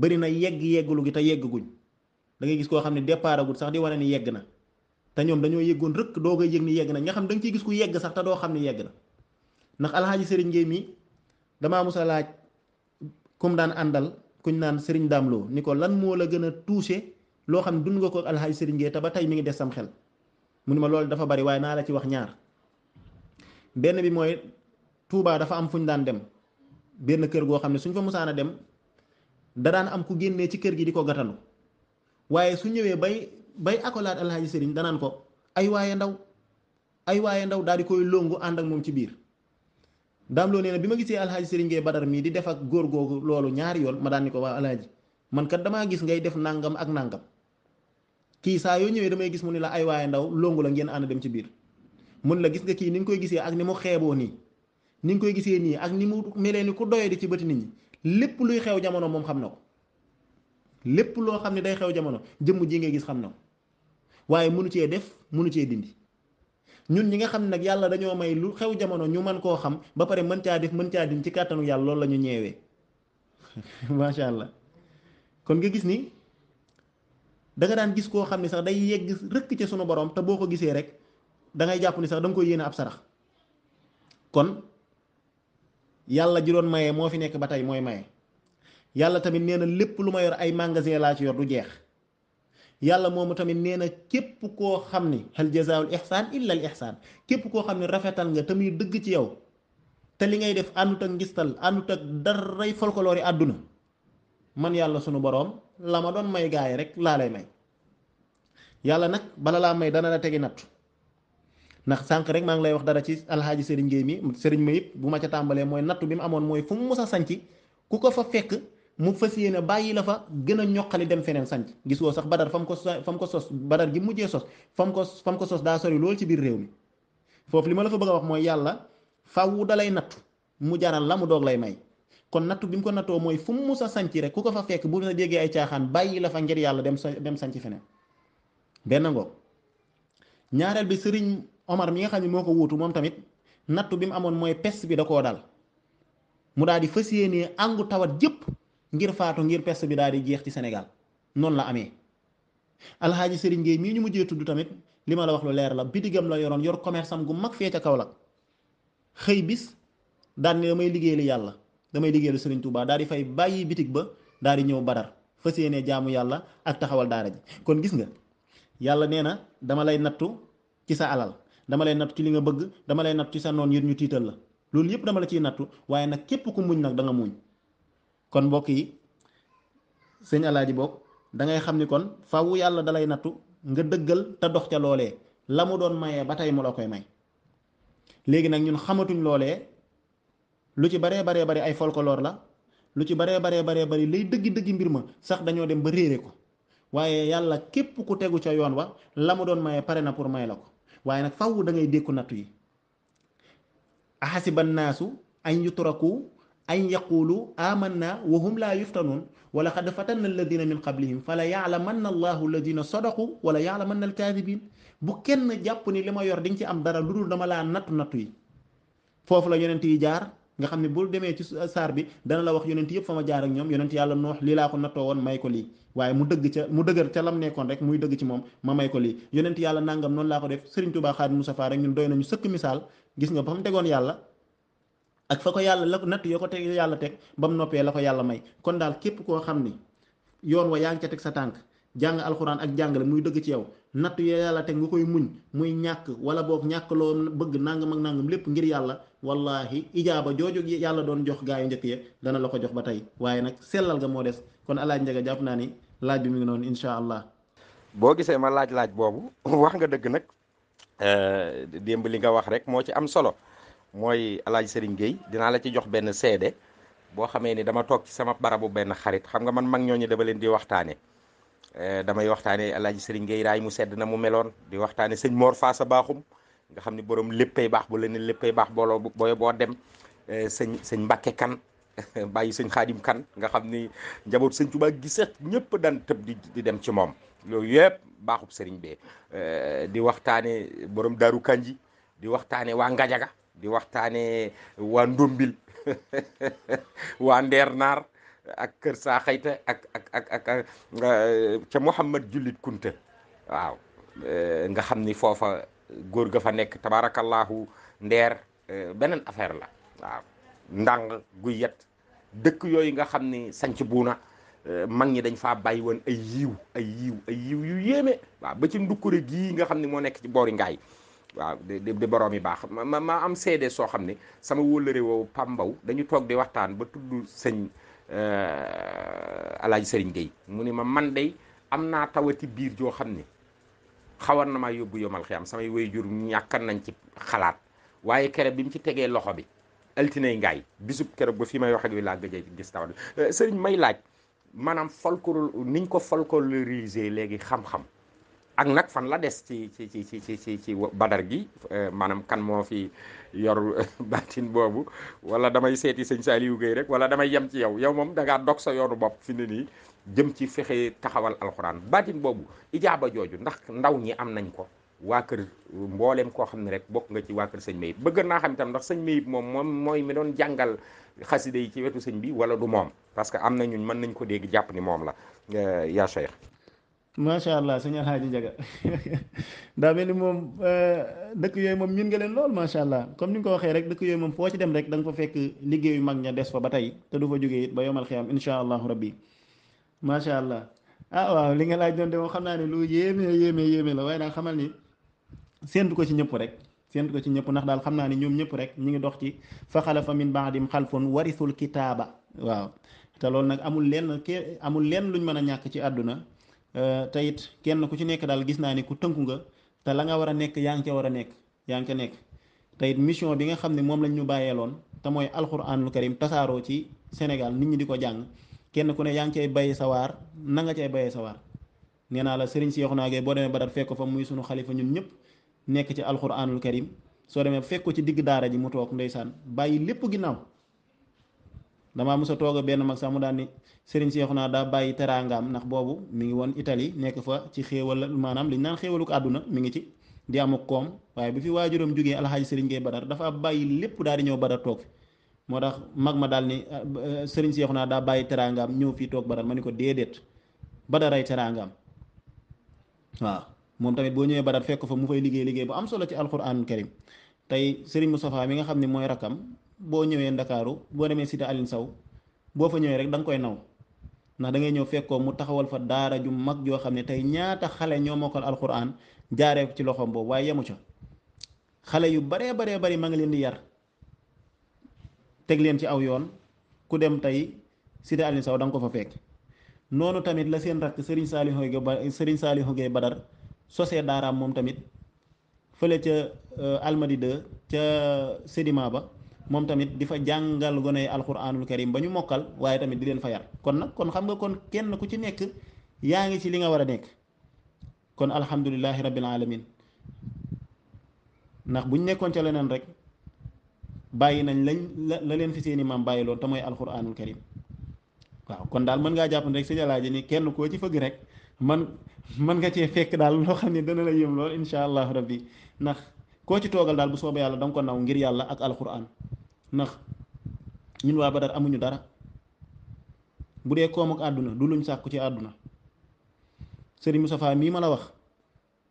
bari na yegg yeggulu gi te yegguñ da ngay gis koo xam ne départ sax di wane ni yegg na te ñoom dañoo yeggoon rëkk doo koy yëg ni yegg na nga xam da nga ciy gis ku yegg sax te doo xam ni yegg na ndax alxaaji sëriñ Ngéy mi damaa musa laaj kum daan àndal kuñ naan sëriñ daamloo ni ko lan moo la gën a touché loo xam ne dund nga ko alxaaji sëriñ ba tey mi ngi des sam mu ne ma loolu dafa bari waaye naa la ci wax ñaar benn bi mooy tuubaa dafa am fu ñu daan dem benn kër goo xam ne suñ fa musaan a dem da daan am ku génnee ci kër gi di ko gàttalu waaye su ñëwee bay bay akolaat alxaaji sëriñ danaan ko ay waaye ndaw ay waaye ndaw daa di koy longu ànd ak moom ci biir daam loo nee na bi ma gisee alxaaji sëriñ Gueye Badar mii di def ak góor googu loolu ñaari yoon ma daan ni ko waa alxaaji man kat damaa gis ngay def nangam ak nangam kii saa yoo ñëwee damay gis mu ni la ay waaye ndaw longu la ngeen ànd dem ci biir mun la gis nga kii ni nga koy gisee ak ni mu xeeboo nii ni nga koy gisee nii ak ni mu melee ni ku doyee di ci bëti nit ñi lépp luy xew jamono moom xam na ko lépp loo xam ne day xew jamono jëmm ji ngay gis xam na waaye mënu cee def mënu cee dindi ñun ñi nga xam ne nag yàlla dañoo may lu xew jamono ñu man koo xam ba pare mën caa def mën caa dindi ci kàttanu yàlla loolu la ñu ñeewee macha allah kon nga gis ni danga daan gis koo xam ne sax day yegg rëkk ca sunu borom te boo ko gisee rek dangay ngay jàpp ni sax da koy yéene ab sarax kon yàlla ji doon moo fi nekk ba tey mooy maye yàlla tamit nee lépp lu ma yor ay magasin laa ci yor du jeex yàlla moomu tamit nee na képp koo xam ni hal jazaa'ul ihsaan illa al képp koo xam ne rafetal nga te muy dëgg ci yow te li ngay def ànnut ak ngistal àndut ak daray folkoloori àdduna man yàlla sunu boroom la ma doon may gaay rek laa lay may yàlla nag bala laa may dana la tegi nattu ndax sanq rek maa ngi lay wax dara ci alxaaji sëriñ Géey mi sëriñ ma yëpp bu ma ca tàmbalee mooy nattu bi mu amoon mooy fu mu mës a sanc ku ko fa fekk mu fas yéene bàyyi la fa gën a ñoqali dem feneen sanc gisoo sax badar fa mu ko fa ko sos badar gi mujjee sos fa mu ko fa sos daa sori lool ci biir réew mi foofu li ma la fa bëgg a wax mooy yàlla faw dalay nattu mu jaral la mu doog lay may kon nattu bi mu ko nattoo mooy fu mu mus a sanc rek ku ko fa fekk bu la déggee ay caaxaan bàyyi la fa ngir yàlla dem sa dem feneen benn ngoog ñaareel bi sëriñ Omar mi nga xam ne moo ko wuutu moom tamit nattu bi mu amoon mooy pes bi da koo dal mu daal di fas yéenee àngu tawat jëpp ngir faatu ngir pes bi daal di jeex ci senegal noonu la amee alxaaji sëriñ Gueye mii ñu mujjee tudd tamit li ma la wax lu leer la bidigam la yoroon yor commerce am gu mag fee ca Kaolack xëy bis daan ne yàlla damay liggéeyal Serigne Touba daal di fay bàyyi bitig ba daal di ñëw badar fa yéenee jaamu yàlla ak taxawal daara ji kon gis nga yàlla nee na dama lay nattu ci sa alal dama lay nattu ci li nga bëgg dama lay nattu ci sa noon yër ñu tiital la loolu yëpp dama la ciy nattu waaye nag képp ku muñ nag danga nga muñ kon mbokk yi sëñ alaaji bokk da ngay xam ni kon faaw yàlla dalay nattu nga dëggal te dox ca loole la mu doon mayee ba tey mu la koy may léegi nag ñun lu ci baree baree bari ay folklore la lu ci baree baree baree bari lay dëggi dëggi mbir ma sax dañoo dem ba réere ko waaye yàlla képp ku tegu ca yoon wa la mu doon maye pare na pour may la ko waaye nag faw dangay ngay dékku nattu yi ahasiba nnaasu an yutraku an yaqulu amanna wa hum laa yuftanuun wala xad fatanna alladina min qablihim fala yaalamanna allahu alladina sadaqu wala yaalamanna alkaadibin bu kenn jàpp ni li ma yor di nga ci am dara lu dul dama laa nattu nattu yi foofu la yonent yi jaar nga xam ne bul demee ci saar bi dana la wax yonent yëpp fa ma jaar ak ñoom yonent yàlla noox lii laa ko nattoo woon may ko lii waaye mu dëgg ca mu dëgër ca lam nekkoon rek muy dëgg ci moom ma may ko lii yonent yàlla nangam noonu laa ko def Serigne Touba Xaadim Mustafaa rek ñun doy nañu sëkk misaal gis nga ba mu tegoon yàlla ak fa yàlla la natt yoo ko teg yàlla teg ba mu la ko yàlla may kon daal képp koo xam ni yoon wa yaa ngi ca teg sa tànk jàng alxuraan ak jàngale muy dëgg ci yow natt yoo yàlla teg koy muñ muy ñàkk wala boog ñàkk loo bëgg nangam ak nangam lépp ngir yàlla wallahi ijaaba jooju yàlla doon jox gaa yu njëkk ya dana la ko jox ba tey waaye nag sellal ga moo des kon alaaj njaga jàpp naa ni laaj bi mu ngi noonu incha allah boo gisee ma laaj-laaj boobu wax nga dëgg nag eh, démb li nga wax rek moo ci am solo mooy laaj Serigne géey dinaa la ci jox benn seede boo xamee ni dama toog ci sama barabu benn xarit xam nga man mag ñooñu dama leen di waxtaane eh, damay waxtaane alaaj Serigne géey raay mu sedd na mu meloon di waxtaane sëñ Mor Faasa Baaxum nga xam ni borom léppay baax bu la ne léppay baax booloo booy boo dem eh, sëñ sëñ Mbàkke kan bàyyi sëñ Xaadim kan nga xam ni njaboot sëñ Tuubaa gisat ñëpp dan tëb di di dem ci moom loolu yëpp baaxub sëriñ bee eh, di waxtaane borom daaru kanji di waxtaane waa Ngajaga di waxtaane waa Ndombil wa Ndeer Naar ak Kër Saa Xayta ak ak ak ak eh, ca Mouhamad Jullit Kunta waaw nga xam ni foofa góor ga fa nekk tabaarakallaahu ndeer euh, beneen affaire la waaw ndàng gu yet dëkk yooyu nga xam ni sanc buuna euh, mag ñi dañ faa bàyyi woon ay yiw ay yiiw ay yiiw yu yéeme waaw ba ci ndukkure gii nga xam ne moo nekk ci boori ngaay waaw di di boroom yi baax ma ma am seede soo xam ne sama wóllëre woowu pambaw dañu toog di waxtaan ba tudd sëñ euh, alaaji sëriñ Gueye mu ni ma man day am naa tawati biir joo xam ni xawoon na maa yóbbu yomal xiyam samay waajur ñàkkan nañ ci xalaat waaye kere bi mu ci tegee loxo bi altinay ngaay bisub kere bu fi may wax ak yow laa gëj gis tawat bi euh, sëriñ may laaj maanaam folklore niñ ko folkloriser léegi xam-xam ak nag fan la des ci ci ci ci ci ci ci badar gi euh, maanaam kan moo fi yor baatin boobu wala damay seeti sëñ Saliou géey rek wala damay yem ci yow yow moom da ngaa dog sa yoonu bopp fi ne nii jëm ci fexe taxawal alxuraan baatin boobu ijaaba jooju ndax ndaw ñi am nañ ko waa kër mbooleem koo xam ne rek bokk nga ci waa kër sëñ Mayib bëgg naa xam itam ndax sëñ Mayib moom moom mooy mi doon jàngal xasida yi ci wetu sëñ bi wala du moom parce que am na ñun mën nañ ko dégg jàpp ni moom la euh, yaa Cheikh. macha allah sëñ Alhaaji Jaga daa mel ni moom euh, dëkk yooyu moom miin nga leen lool macha allah comme ni nga ko waxee rek dëkk yooyu moom foo ci dem rek da nga fa fekk liggéeyu mag ña des fa ba tey te du fa jógee it ba yomal xiyam incha allahu rabbi macha allah ah waaw li nga laaj doon de moom xam naa ne lu yéeme yéeme yéeme la waaye daal xamal ni séntu ko ci ñëpp rek séntu ko ci ñëpp ndax daal xam naa ni ñoom ñëpp rek ñu ngi dox ci fa xalafa min baadim xalfun warisul kitaaba waaw te loolu nag amul lenn ke amul lenn luñ mën a ñàkk ci àdduna eh, te it kenn ku ci nekk daal gis naa ni ku tënku nga te la nga war a nekk yaa ngi ca war a nekk yaa ngi ca nekk te mission bi nga xam ne moom lañ ñu bàyyeeloon te mooy alxuraanul karim tasaaroo ci Sénégal nit ñi di ko jàng kenn ku ne yaa ngi cay bayi sawaar na nga cay bayee sawaar nee naa la sëriñ si Yaxna Gey boo demee Badar fekk ko fa muy sunu xalifa ñun ñëpp nekk ci alxuraanul karim soo demee fekk ci digg daara ji mu toog ndeysaan bàyyi lépp ginnaaw damaa mos a toog benn mag sax mu daan ni sëriñ si Yaxna daa bàyyi teraangaam ndax boobu ngi woon Italie nekk fa ci xéewal maanaam liñ naan xéewalu àdduna mi ngi ci di amu koom waaye bi fi waajuram jógee alxaaji sëriñ Gey Badar dafa bàyyi lépp daal di ñëw Badar toog fi moo tax mag ma daal ni sëriñ Seexu naa daa bàyyi teraangaam ñëw fii toog badar ma ni ko déedéet badaray teraangaam waaw moom tamit boo ñëwee badar fekk fa mu fay liggéey liggéey bu am solo ci alxuraanul karim tey sëriñ mu Moustapha mi nga xam ne mooy rakkam boo ñëwee ndakaaru boo demee cité Aline saw boo fa ñëwee rek danga koy naw ndax dangay ñëw fekkoo mu taxawal fa daara ju mag joo xam ne tey ñaata xale ñoo mokkal alxuraan jaaree ci loxoom boobu waaye yemu ca xale yu baree baree bari ma ngi leen di yar teg leen ci aw yoon ku dem tey Sidi Alioune Sow da nga ko fa fekk noonu tamit la seen rakk Serigne Saliou Gueye ba Serigne Saliou Gueye Badar sosee daaraam moom tamit fële ca euh, almadi ca sédiment ba moom tamit di fa jàngal gone yi karim ba ñu mokkal waaye tamit di leen fa yar kon nag kon xam nga kon kenn ku ci nekk yaa ngi ci li nga war a nekk kon alhamdulilahi rabbil alamin ndax buñ nekkoon ca leneen rek bàyyi nañ lañ la leen fi seeni maam bàyyi lool te mooy alquranul karim waaw kon daal mën ngaa jàppandi rek sëñ Alaaji ni kenn koo ci fëgg rek man mën nga cee fekk daal loo xam ne dana la yëm lool incha allahu rabbi ndax koo ci toogal bu soobee yàlla da nga ngir yàlla ak alquran ndax ñun waa Badar amuñu dara bu dee koom àdduna du luñ sàkku ci àdduna sëriñ Moustapha mii ma la wax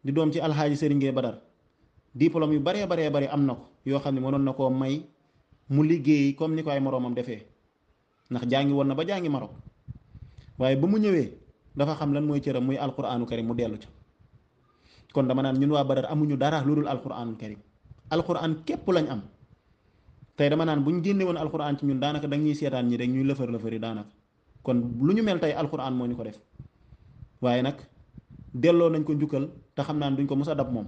di doom ci alxaaji sëriñ Gueye Badar diplôme yu baree baree bari am na ko yoo xam ne mënoon na koo may mu liggéey comme ni ko ay moroomam defee ndax jàngi woon na ba jàngi Maroc waaye ba mu ñëwee dafa xam lan mooy cëram muy alquraanu karim mu dellu ca kon dama naan ñun waa Badar amuñu dara lu dul alquraanu karim alquraan képp lañ am tey dama naan bu ñu génne woon alquraan ci ñun daanaka dañuy seetaan ñi rek ñuy lëfër lëfër yi daanaka kon lu ñu mel tey alquraan moo ñu ko def waaye nag delloo nañ ko njukkal te xam naan duñ ko mos a dab moom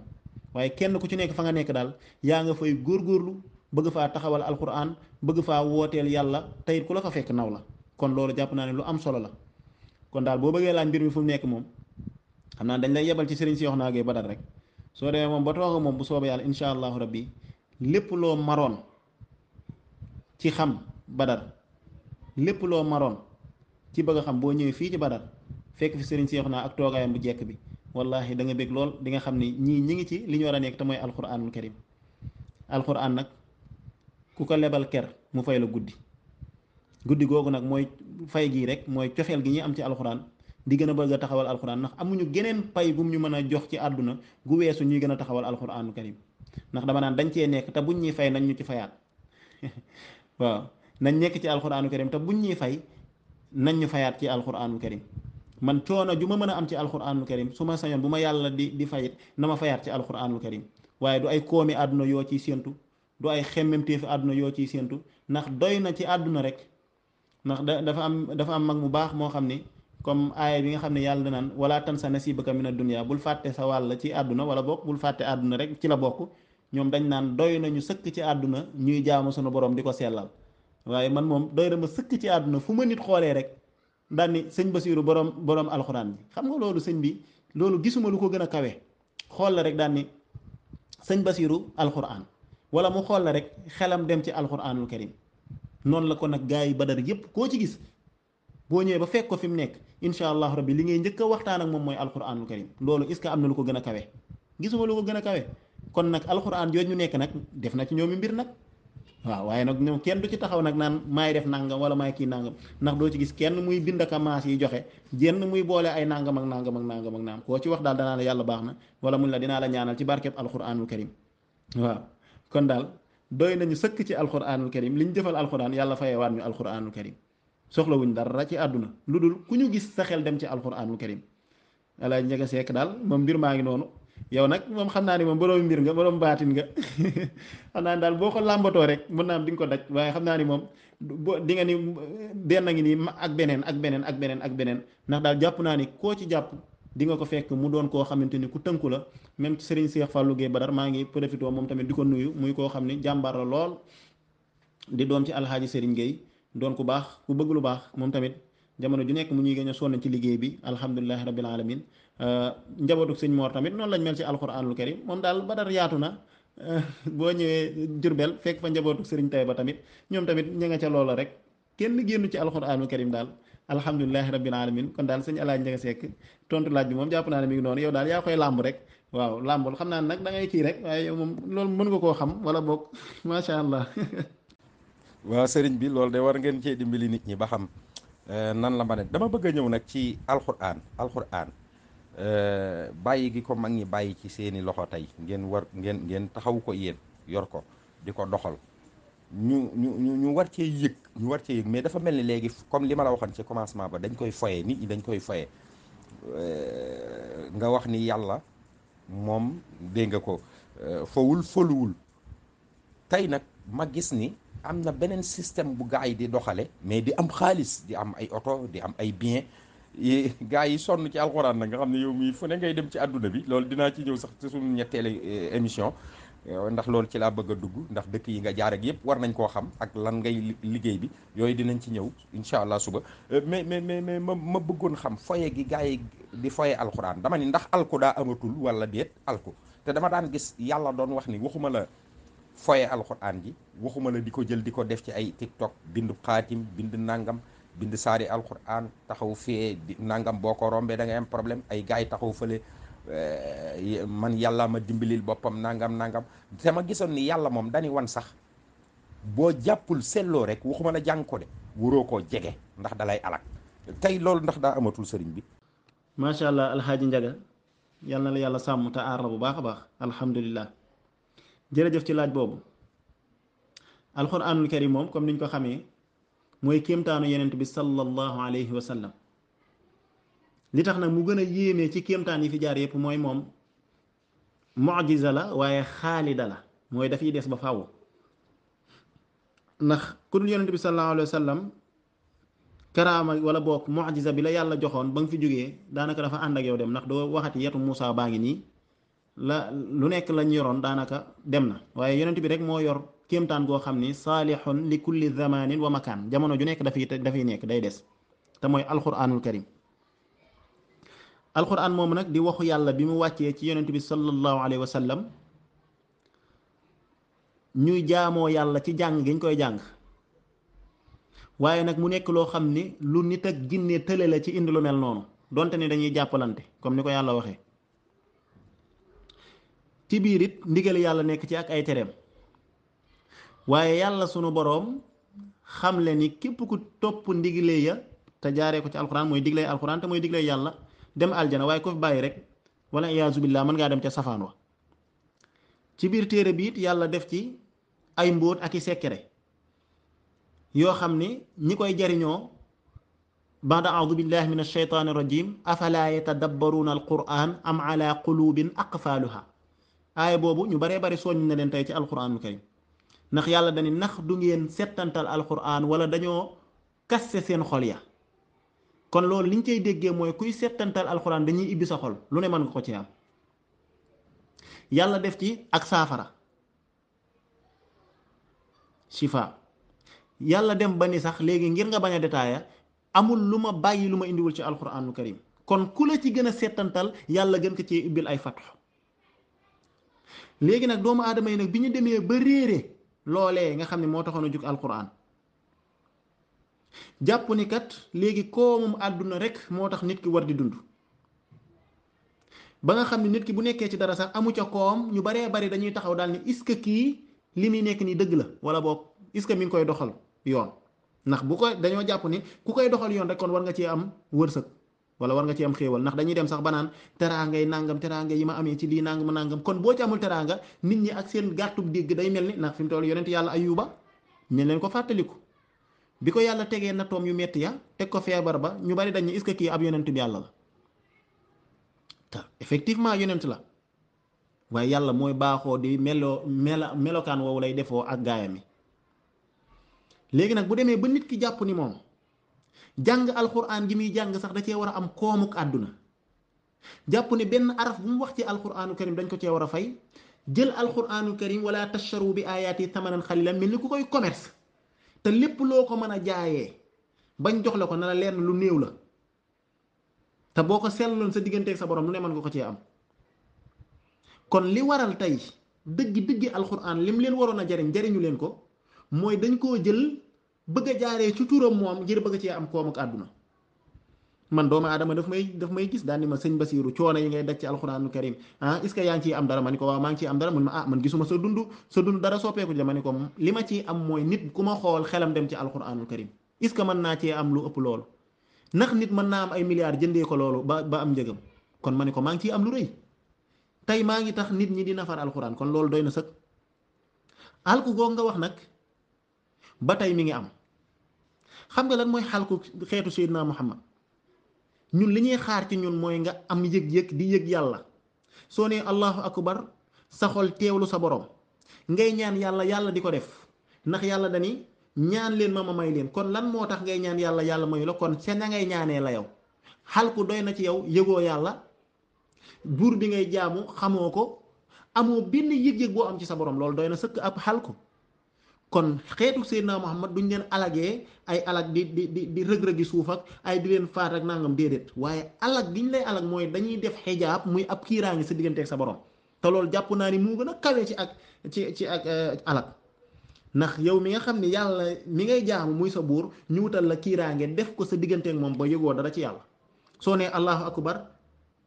waaye kenn ku ci nekk fa nga nekk daal yaa nga fay góorgóorlu. bëgg faa taxawal alquran bëgg faa wooteel yàlla teyit ku la fa fekk naw la kon loolu jàpp naa ne lu am solo la kon daal boo bëggee laaj mbir mi fu mu nekk moom xam naa dañ lay yebal ci sëriñ si wax naa gee badal rek soo demee moom ba tooga moom bu soobee yàlla incha allahu rabbi lépp loo maroon ci xam badar lépp loo maroon ci bëgg xam boo ñëwee fii ci badar fekk fi sëriñ si wax naa ak toogaayam bu jekk bi wallahi da nga bég lool di nga xam ni ñii ñi ngi ci li war a nekk mooy alquranul karim alquran ku ko lebal ker mu fay la guddi guddi googu nag mooy fay gii rek mooy cofeel gi ñuy am ci alxuraan di gën a bëgg a taxawal alxuraan ndax amuñu geneen pay gum ñu mën a jox ci àdduna gu weesu ñuy gën a taxawal alxuraanu karim ndax dama naan dañ cee nekk te buñ ñuy fay nañ ñu ci fayaat waaw nekk ci alxuraanu karim te buñ ñuy fay nañ ñu fayaat ci alxuraanu karim man coono ju ma mën a am ci alxuraanul karim su ma sañoon bu ma yàlla di di fayit na ma fayaat ci alxuraanul karim waaye du ay koomi àdduna yoo ciy séentu du ay xemmemteefi àdduna yoo ciy séentu ndax doy na ci àdduna rek ndax da dafa am dafa am mag mu baax moo xam ni comme aaya bi nga xam ne yàlla danaan wala tan sa nasibaka mina dunya bul fàtte sa wàll ci àdduna wala bokk bul fàtte àdduna rek ci la bokk ñoom dañ naan doy nañu sëkk ci àdduna ñuy jaamu sunu borom di ko sellal waaye man moom doy na ma sëkk ci àdduna fu ma nit xoolee rek daan ni sëñ Basiiru borom boroom alxuraan bi xam nga loolu sëñ bi loolu gisuma lu ko gën a kawe xool rek daan ni sëñ Basiiru alxuraan wala mu xool la rek xelam dem ci alxuraanul karim noonu la ko nag gaa yi badar yépp koo ci gis boo ñëwee ba fekk ko fi mu nekk incha allah rabbi li ngay njëkk waxtaan ak moom mooy alxuraanul karim loolu est ce que am na lu ko gën a kawe gisuma lu ko gën a kawe kon nag alxuraan jooju ñu nekk nag def na ci ñoom i mbir nag waaw waaye nag ñoom kenn du ci taxaw nag naan maay def nangam wala maay kii nangam ndax doo ci gis kenn muy bind ak maas yi joxe jenn muy boole ay nangam ak nangam ak nangam ak nangam koo ci wax daal danaa la yàlla baax na wala mun la dinaa la ñaanal ci barkeb alxuraanul karim waaw kon daal doy nañu sëkk ci alquranul karim li ñu jëfal alquran yàlla fayewaat ñu alquranul karim soxlawuñ dara ci àdduna lu dul ku ñu gis sa xel dem ci alquranul karim alaaj njega seek daal moom mbir maa ngi noonu yow nag moom xam naa ni moom borom mbir nga borom baatin nga xam naa ni daal boo ko làmbatoo rek mën naa am di nga ko daj waaye xam naa ni moom bo di nga ni benn ngi nii ak beneen ak beneen ak beneen ak beneen ndax daal jàpp naa ni koo ci jàpp di nga ko fekk mu doon koo xamante ni ku tënku la même ci Serigne Cheikh Fallou Gueye Badar maa ngi profité moom tamit di ko nuyu muy koo xam ne jàmbaar la lool di doom ci alxaaji Serigne géey doon ku baax ku bëgg lu baax moom tamit jamono ju nekk mu ñuy génn a sonn ci liggéey bi alhamdulilahi rabbil alamin euh, njabootu sëñ Mor tamit noonu lañ mel ci alquranul karim moom daal Badar yaatu na euh, boo ñëwee Jurbel fekk fa njabootu tay ba tamit ñoom tamit ña nga ca loola rek kenn génn ci alquranul karim daal alhamdulilahi rabbil alamin kon daal sëñ alaaj Njaga seek tontu laaj bi moom jàpp naa ne mi ngi noonu yow daal yaa koy làmb rek waaw làmbul xam naa nag da ngay kii rek waaye yow moom loolu mën nga koo xam wala boog macha allah sëriñ bi loolu de war ngeen cee dimbali nit ñi ba xam eh, nan la ma ne dama bëgg a ñëw nag ci alxuraan alxuraan eh, bàyyi gi ko mag ñi bàyyi ci seeni loxo tey ngeen war ngeen ngeen taxaw ko yéen yor ko di ko doxal ñu ñu ñu ñu war cee yëg ñu war cee yëg mais dafa mel ni léegi comme li ma la waxoon ci commencement ba dañ koy foye nit ñi dañ koy foye euh, nga wax ni yàlla moom dégg nga ko euh, fowul foluwul tey nag ma gis ni am na beneen système bu gars yi di doxale mais di am xaalis di am ay oto di am ay bien gars yi sonn ci alxuraan na nga xam ne yow mii fu ne ngay dem ci àdduna bi loolu dinaa ci ñëw sax ci suñu ñetteele euh, émission ndax loolu ci laa bëgg a dugg ndax dëkk yi nga jaar ak yëpp war nañ koo xam ak lan ngay liggéey bi yooyu dinañ ci ñëw incha allah suba euh, mais mais mais ma ma bëggoon xam foye gi gars yi di foye alxuraan dama ni ndax alku daa amatul wala déet alku te dama daan gis yàlla doon wax ni waxuma la foye alxuraan gi waxuma la di ko jël di ko def ci ay tiktok bind xaatim bind nangam bind saari alxuraan taxaw fee nangam boo ko rombee da ngay am problème ay gars yi taxaw fële Eh, man yàlla ma dimbalil boppam nangam nangam te ma gisoon ni yàlla moom dañu wan sax boo jàppul selloo rek waxuma la jàng ko de waroo koo jege ndax dalay alak tey loolu ndax daa amatul sëriñ bi macha allah alxaaji njaga yal na la yàlla sàmm te aar bu baax a baax alhamdulilah jërëjëf ci laaj boobu alxuraanul karim moom comme niñ ko xamee mooy kéemtaanu yenent bi sallallahu alayhi wa li tax nag mu gën a yéeme ci kéemtaan yi fi jaar yëpp mooy moom mujiza la waaye xaalida la mooy dafiy des ba faw ndax ku dul yonent bi sallallahu alayhi wa sallam karaama wala boog mujiza bi la yàlla joxoon ba nga fi jógee daanaka dafa ànd ak yow dem ndax doo waxati yetu Moussa baa ngi nii la lu nekk lañ yoroon daanaka dem na waaye yonent bi rek moo yor kéemtaan goo xam ni saalihun li kulli zamanin wa makaan jamono ju nekk dafay dafay nekk day des te mooy alquranul karim alquran moomu nag di waxu yàlla bi mu wàccee ci yonent bi sallallahu alayhi wa sallam ñuy jaamoo yàlla ci jàng gi ñu koy jàng waaye nag mu nekk loo xam ni lu nit ak jinne tële la ci indi lu mel noonu donte ni dañuy jàppalante comme ni ko yàlla waxee ci biir it ndigal yàlla nekk ci ak ay tereem waaye yàlla sunu boroom xamle ni képp ku topp ndigle ya te jaaree ko ci alquran mooy diglee alquran te mooy diglee yàlla. dem aljana waaye ko fi bàyyi rek wala iyaazu billaah mën ngaa dem ca safaan wa ci biir téere bi it yàlla def ci ay mbóot ak i sekkere yoo xam ni ñi koy jariñoo baada aoudu billahi min alsheytaani rajim afala yatadabbaruuna alquran am ala qulubin aqfaaluha aaya boobu ñu baree bari soññ na leen tey ci alquranul karim ndax yàlla dañi ndax du ngeen settantal alquran wala dañoo kasse seen xol ya kon loolu liñ koy déggee mooy kuy settantal alxuraan dañuy ibbi sa xol lu ne mën nga ko ci am yàlla def ci ak saafara shifa yàlla dem ba ni sax léegi ngir nga bañ a détaaya amul lu ma bàyyi lu ma indiwul ci alxuraanu karim kon ku la ci gën a settantal yàlla gën ko ci ibbil ay fatux léegi nag doomu aadama yi nag bi ñu demee ba réere loolee nga xam ne moo taxoon a jug alxuraan jàpp ni kat léegi koomam àdduna rek moo tax nit ki war di dund ba nga xam ne nit ki bu nekkee ci dara sax amu ca koom ñu baree bari dañuy taxaw daal ni est kii li muy nekk nii dëgg la wala boog est-ce que mi ngi koy doxal yoon ndax bu koy dañoo jàpp ni ku koy doxal yoon rek kon war nga ci am wërsëg wala war nga ci am xéewal ndax dañuy dem sax banaan naan teraangay nangam teraanga yi ma amee ci lii nangam nangam kon boo ci amul teraanga nit ñi ak seen gàttu dégg day mel ni ndax fi mu toll yonent yàlla ayuba ñu leen ko fàttaliku. bi ko yàlla tegee na toom yu metti ya teg ko feebar ba ñu bari dañu ne est-ce que kii ab yonent yàlla la te effectivement yonent la waaye yàlla mooy baaxoo di melo mela melokaan woowu lay defoo ak gaayam yi léegi nag bu demee ba nit ki jàpp ni moom jàng alxuraan gi muy jàng sax da cee war a am koomuk àdduna jàpp ne benn araf bu mu wax ci alxuraanu karim dañ ko cee war a fay jël alxuraanu karim wala tasharu bi yi thamanan xalilan mel ni ku koy commerce te lépp loo ko mën a jaayee bañ jox la ko na la leer lu néew la te boo ko seetloon sa digganteeg sa borom lu ne mën nga ko cee am kon li waral tey dëgg dëgg alxuraan lim leen waroon a jariñ jariñu leen ko mooy dañ koo jël bëgg jaaree ci turam moom ngir bëgg cee am koom ak àdduna man doomu aadama daf may daf may gis daal ni ma sëñ Basiiru coono yi ngay daj ci alxuraanu karim ah est-ce yaa ngi ciy am dara ma ni ko waaw maa ngi ciy am dara mun ma ah man gisuma sa dund sa dund dara ma ni ko li ma ciy am mooy nit ku ma xool xelam dem ci alxuraanul karim est-ce que mën naa am lu ëpp loolu ndax nit mën naa am ay milliards jëndee ko loolu ba ba am njëgam kon ma ni ko maa ngi ciy am lu rëy tey maa ngi tax nit ñi di nafar alxuraan kon loolu doy na sëkk alku googu nga wax nag ba tey mi ngi am xam nga lan mooy xalku xeetu Seydina Muhammad ñun li ñuy xaar ci ñun mooy nga am yëg-yëg di yëg yàlla soo nee allahu akbar sa xol teewlu sa borom ngay ñaan yàlla yàlla di ko def ndax yàlla dani ñaan leen ma ma may leen kon lan moo tax ngay ñaan yàlla yàlla mayu la kon seen na ngay ñaanee la yow xal ku doy na ci yow yëgoo yàlla buur bi ngay jaamu xamoo ko amoo benn yëg-yëg boo am ci sa borom loolu doy na sëkk ab xal ko kon xeetu Seydina Muhammad duñ leen alagee ay alag di di di di rëg-rëgi suuf ak ay di leen faat ak nangam déedéet waaye alag ñu lay alag mooy dañuy def xijaab muy ab kiiraange sa digganteeg sa borom te loolu jàpp naa ni moo gën a kawe ci ak ci ci ak euh, alag ndax yow mi nga xam ne yàlla mi ngay jaamu muy sa buur ñu wutal la kiiraange def ko sa digganteeg moom ba yëgoo dara ci yàlla soo nee allahu akbar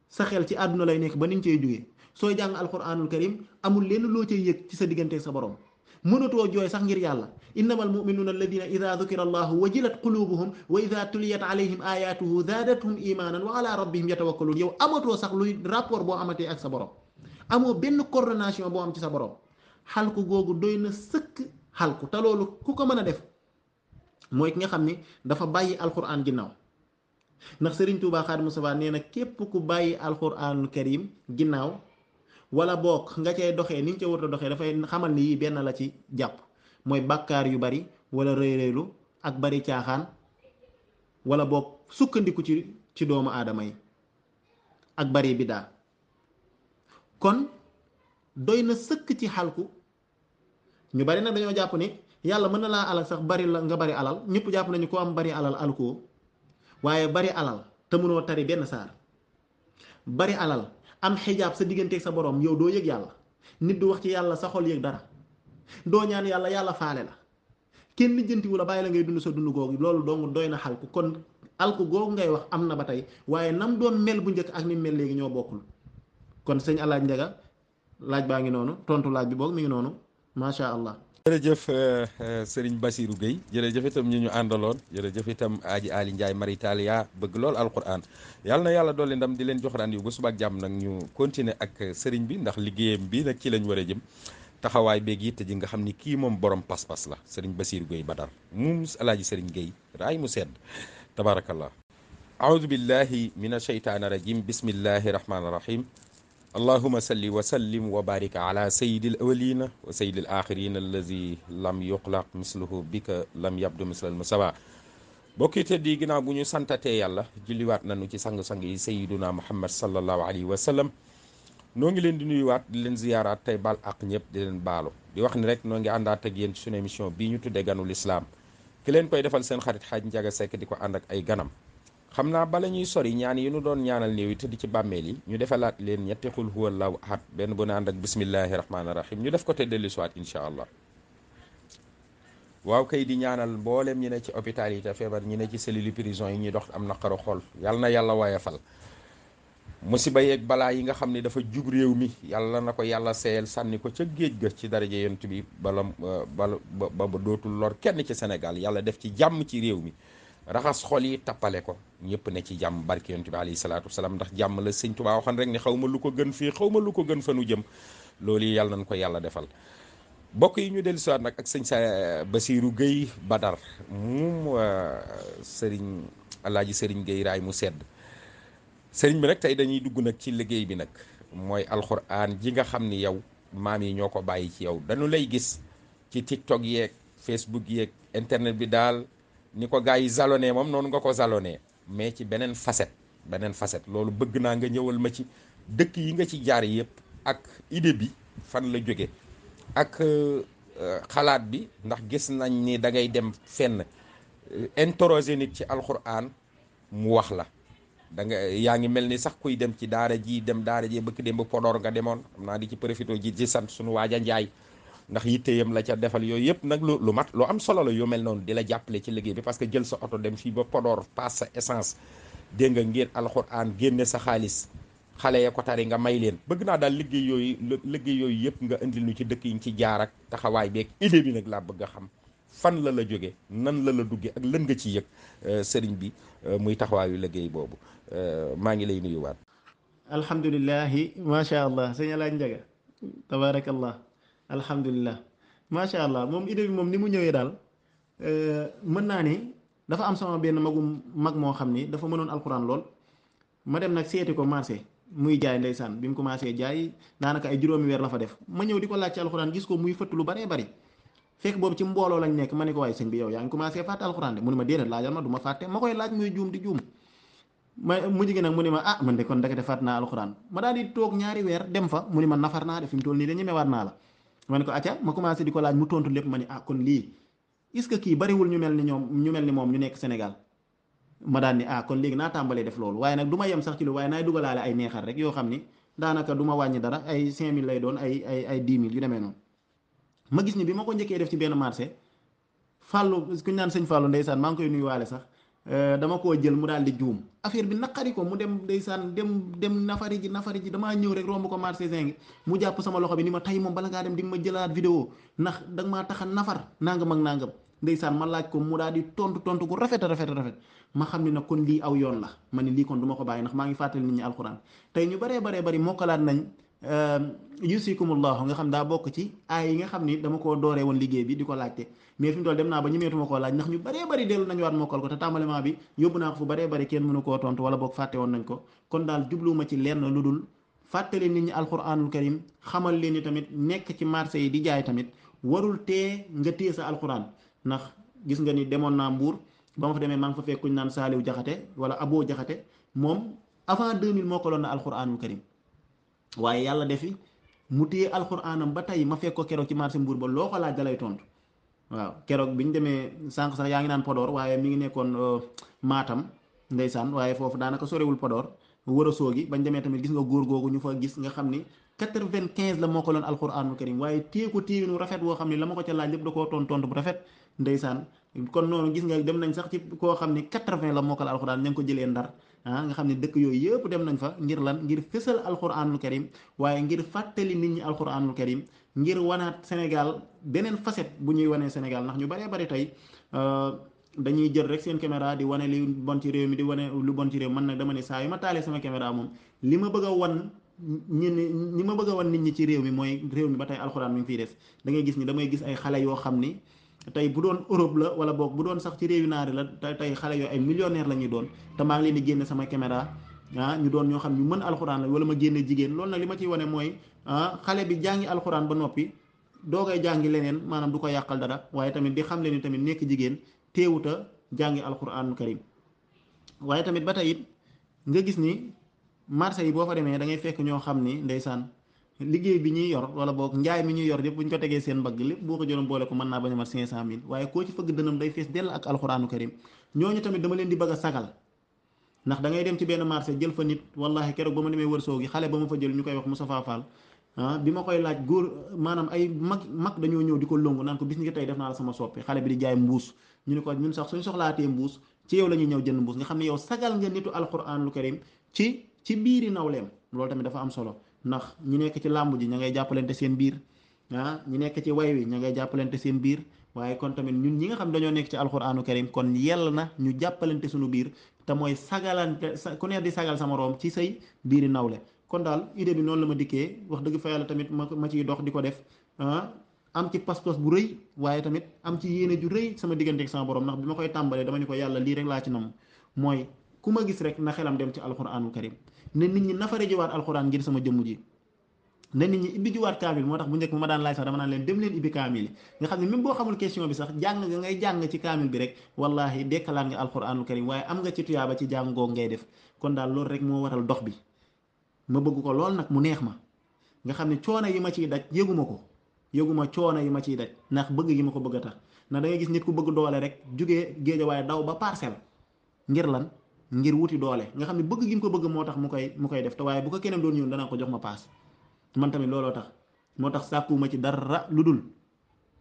sa xel ci àdduna lay nekk ba niñ cey jógee sooy jàng alquranul karim amul lenn loo cay yëg ci sa digganteeg sa borom mënatoo jooy sax ngir yàlla innama almuminuuna alladina ida dukira allahu wajilat qulubuhum wa ida tuliyat alayhim ayatuhu zaadathum imanan wa ala rabbihim yatawakkaluun yow amatoo sax luy rapport boo amatee ak sa borom amoo benn coordination boo am ci sa borom xalku googu doy na sëkk xalku te loolu ku ko mën a def mooy ki nga xam ni dafa bàyyi alquran ginnaaw ndax sëriñ Touba Xaadimu Mustafaa nee na képp ku bàyyi alquranul karim ginnaaw wala boog nga cay doxee ni cee ca war a doxee dafay xamal ni yii benn la ci jàpp mooy bàkkaar yu bari wala rëy-rëylu ak bari caaxaan wala boog sukkandiku ci ci doomu aadama yi ak bari biddaa kon doy na sëkk ci xalku ñu bari na dañoo jàpp ni yàlla mën na laa alal sax bari la nga bari alal ñëpp jàpp nañu ko am bari alal alkoo waaye bari alal te mënoo tari benn saar bari alal am xijaab sa digganteeg sa boroom yow doo yëg yàlla nit du wax ci yàlla sa xol yëg dara doo ñaan yàlla yàlla faale la kenn lijjantiwu la bàyyi la ngay dund sa dund googu loolu dong doy na xalku kon alku googu ngay wax am na ba tey waaye nam doon mel bu njëkk ak ni mel léegi ñoo bokkul kon sëñ alaaj njaga laaj baa ngi noonu tontu laaj bi boog mi ngi noonu macha allah jërëjëf euh, euh, Serigne Bassirou Gueye jërëjëf itam ñi ñu àndaloon jëf itam Aji Ali Ndiaye Maritalia bëgg lool alquran yàlla na yàlla dolli ndam di leen jox rendez-vous ba suba ak jàmm nag ñu continuer ak Serigne bi ndax liggéeyam bi nag ci lañ war a jëm taxawaay beeg yitte ji nga xam ni kii moom borom pas-pas la Serigne géey Gueye Badar moom alaaji Serigne géey raay mu sedd tabaarakallah aoudu billahi min asheytaani rajim bismillahi rahmaani rahim allahuma salli wa sallim wa barik ala sayidil awalina wa sayidil axirina allazi lam yuqlaq misluhu bika lam yabdu mislal musawa bokki teddi ginnaaw bu ñu santatee yàlla julliwaat nañu ci sang-sang yi sayiduna muhammad sallallahu alayhi wa sallam noo ngi leen di nuyuwaat di leen ziyaaraat tey baal ak ñëpp di leen baalu di wax ni rek noo ngi àndaat ak yéen ci sunu mission bii ñu tuddee ganu islaam ki leen koy defal seen xarit xaaj njaga sekk di ko ànd ak ay ganam xam naa bala ñuy sori ñaan yi ñu doon ñaanal néew yi tëdd ci bàmmeel yi ñu defalaat leen ñetti xul huwallahu ahad benn bu ne ànd ak bismillahi rahmaani rahim ñu def ko te dellu siwaat incha allah waaw kay di ñaanal mboolem ñi ne ci hôpital yi te feebar ñi ne ci cellule prison yi ñuy dox am na naqaru xool yàlla na yàlla woyofal musiba yeeg balaa yi nga xam ne dafa jug réew mi yàlla na ko yàlla seeyal sànni ko ca géej ga ci dara daraja yent bi bala ba ba dootul lor kenn ci Sénégal yàlla def ci jàmm ci réew mi raxas xol yi tappale ko ñëpp ne ci jàmm barke yonent bi alayhi salaatu wasalaam ndax jàmm la sëñ Tuubaa waxoon rek ne xaw ma lu ko gën fii xaw ma lu ko gën fanu jëm loolu yi yàlla nañ ko yàlla defal bokk yi ñu dellu siwaat nag ak sëñ sa Basiiru Géy Badar moom euh, sëriñ Alaaji sëriñ Géy raay mu sedd sëriñ bi nag tey dañuy dugg nag ci liggéey bi nag mooy alxuraan ji nga xam ni yow maam yi ñoo ko bàyyi ci yow dañu lay gis ci TikTok yeeg Facebook yeeg internet ni ko gars yi zalonee moom noonu nga ko zalonee mais ci beneen facette beneen facette loolu bëgg naa nga ñëwal ma ci dëkk yi nga ci jaar yëpp ak idée bi fan la jóge ak euh, xalaat bi ndax gis nañ ni da ngay dem fenn euh, interroger nit ci alxuraan mu wax la da nga yaa ngi mel ni sax kuy dem ci daara ji dem daara ji bëkk dem ba Podor nga demoon xam naa di ci profité ji ci sant suñu waaja Njaay ndax yitteyam la ca defal yooyu yëpp nag lu mat lu am solo la yu mel noonu di la jàppale ci liggéey bi parce que jël sa oto dem fii ba Podor paas sa essence dégg nga ngir alxuraan génne sa xaalis xale ya ko tari nga may leen bëgg naa daal liggéey yooyu liggéey yooyu yëpp nga indil nu ci dëkk yi ñu ci jaar ak taxawaay beeg idée bi nag laa bëgg a xam fan la la jóge nan la la dugge ak lën nga ci yëg euh, sëriñ bi euh, muy taxawaayu liggéey boobu euh, maa ngi lay nuyuwaat. alhamdulilah macha allah sëñ Alaaji Njaga tabaarakallah alhamdulilah macha allah moom idée bi moom ni mu ñëwee daal euh, mën naa ne dafa am sama benn magum mag moo xam ni dafa mënoon alxuraan lool ma dem nag bi mu commencé jaay daanaka ay juróomi weer la di ko laaj ci alxuraan gis ko lu baree bari fekk boobu ci mbooloo lañ nekk ma ne ko waaye sëñ bi yow yaa ngi commencé fàtte alxuraan de mu ne ma déedéet du ma fàtte ma koy laaj muy juum di juum ma mujj gi nag mu ne ma ah man de kon ndekete fàtt naa alxuraan ma daal di toog ñaari weer dem fa mu ne ma nafar naa de fi mu toll nii de ñemewaat naa la ma ne ko acca ma commencé di ko laaj mu tontu lépp ma ni ah kon lii est que kii bariwul ñu mel ni ñoom ñu mel ni moom ñu nekk Sénégal ma daan ni ah kon léegi naa tàmbalee def loolu waaye nag du ma yem sax ci lu waaye naay dugalaale ay neexal rek yoo xam ni daanaka du ma wàññi dara ay 5000 lay doon ay ay ay 10 000 yu demee noonu ma gis ni bi ma ko njëkkee def ci benn marché fàllu ku ñu naan sëñ fàllu ndeysaan maa ngi koy nuyuwaale sax Euh, dama koo jël mu daal di juum affaire bi naqari ko mu dem deysaan dem dem nafari ji nafari ji damaa ñëw rek romb ko marché zinc mu jàpp sama loxo bi ni ma tey moom bala ngaa dem di nga ma jëlaat vidéo ndax da nga nafar nangam ak nangam ndeysaan ma laaj ko mu daal di tontu tontu gu rafet a rafet rafet ma xam ne nag kon lii aw yoon la ma ni lii kon duma ko bàyyi ndax maa ngi fàttali nit ñi alxuraan tey ñu baree baree bari mokkalaat nañ euh, yusikumullahu nga xam daa bokk ci aay yi nga xam ni dama koo woon liggéey bi di ko laajte mais fi mu dem naa ba ñemeetuma koo laaj ndax ñu baree bari dellu nañu waat mokkal ko te tàmbaliment bi yóbbu naa ko fu baree bari kenn mënu koo tontu wala boog fàtte woon nañ ko kon daal jubluwuma ci lenn lu dul fàttali nit ñi alquranul karim xamal leen ni tamit nekk ci marché yi di jaay tamit warul tee nga téye sa alquran ndax gis nga ni demoon naa mbuur ba ma fa demee maa ngi fa fekk ku ñu naan saaliw jaxate wala aboo jaxate moom avant 2000 mokkaloon na alquranul karim waaye yàlla defi mu téye alquranam ba tey ma fekk ko ci marché mbuur ba loo ko laaj tontu waaw keroog bi ñu demee sànq sax yaa ngi naan podoor waaye mi ngi nekkoon euh, Matam ndeysaan waaye foofu daanaka sorewul Podor wër a soogi bañ demee tamit gis nga góor googu ñu fa gis nga xam ni quatre-vingt-quinze la moo ko loon alxuraanul karim waaye téye ko téye nu rafet woo xam ni la ma ko laaj lépp da koo ton tont bu rafet ndeysaan noonu gis nga dem nañ sax ci koo xam ni quatre-vingt la mokkal alxuraan ña ngi ko jëlee ndar ah nga xam ne dëkk yooyu yëpp dem nañ fa ngir lan ngir fësal alxuraanul karim waaye ngir fàttali nit ñi alxuraanul karim ngir wanaat Sénégal beneen facette bu ñuy wanee Sénégal ndax ñu baree bari tey euh, dañuy jël rek seen caméra di wane li bon ci réew mi di wane lu bon ci réew man nag dama ne saa yu ma taalee sama caméra moom li ma bëgg a wan ñenn ñi ma bëgg a wan nit ñi ci réew mi mooy réew mi ba tey alxuraan mi ngi fiy des dangay gis ni damay gis ay xale yoo xam ni tey bu doon Europe la wala boog bu doon sax ci réew yu naari la tey xale yoo ay millionnaire la ñuy doon te maa leen di génne sama caméra ah ñu doon ñoo xam ñu mën alxuraan la wala ma génne jigéen loolu nag li ma ciy wane mooy ah xale bi jàngi alxuraan ba noppi doo koy jàngi leneen maanaam du ko yàqal dara waaye tamit di xam leen ni tamit nekk jigéen teewut a jàngi alxuraanu karim waaye tamit ba tey it nga gis ni marché yi ñoo xam ni ndeysaan liggéey bi ñuy a mat cinq cent mille koo ci fëgg dënam day fees dell ak alxuraanu karim ñooñu tamit dama leen di bëgg sagal ndax dangay dem ci benn marché jël fa nit wallahi keroog ba ma demee wërsoo gi xale ba ma fa jël ñu koy wax Moustapha Fall ah bi ma koy laaj góor maanaam ay mag mag dañoo ñëw di ko longu naan ko bis ni tey def naa sama soppe xale bi di jaay mbuus ñu ne ko ñun sax suñ soxlaatee mbuus ci yow la ñuy ñëw jënd mbuus nga xam ne yow sagal nga nitu alquranul karim ci ci biiri nawleem loolu tamit dafa am solo ndax ñu nekk ci làmb ji ña ngay jàppalante seen biir ah ñu nekk ci way wi ña ngay jàppalante seen biir waaye kon tamit ñun ñi nga xam dañoo nekk ci alquranu karim kon yell na ñu jàppalante suñu biir te mooy sagalante sa ku neex di sagal sama room ci say biir biiri nawle kon daal idée bi noonu la ma dikkee wax dëgg fa yàlla tamit ma ma ciy dox di ko def ah, am ci pas-pas bu rëy waaye tamit am ci yéene ju rëy sama digganteeg sama borom ndax bi ma koy tàmbalee dama ni ko yàlla lii rek laa ci nam mooy ku ma gis rek na xelam dem ci alxuraanul karim ne nit ñi nafare jiwaat alxuraan ngir sama jëmm ji na nit ñi ibbi jiwaat kaamil moo tax bu njëkk ma daan laaj sax dama naan leen dem leen ibbi kaamil yi nga xam ne même boo xamul question bi sax jàng nga ngay jàng ci kaamil bi rek wallahi dekkalaat nga alquranul karim waaye am nga ci tuyaaba ci jàngoo ngay def kon daal loolu rek moo waral dox bi ma bëgg ko lool nag mu neex ma nga xam ne coono yi ma ciy daj yéguma ko yëguma coono yi ma ciy daj ndax bëgg gi ma ko bëgg a tax na da gis nit ku bëgg doole rek jugee géeja waaye ba parcelle ngir lan ngir wuti doole nga xam ne bëgg ko bëgg moo tax mu koy mu koy def te waaye bu ko keneen doon ñëw ko jox ma paas man tamit looloo tax moo tax sàkkuwuma ci dara lu dul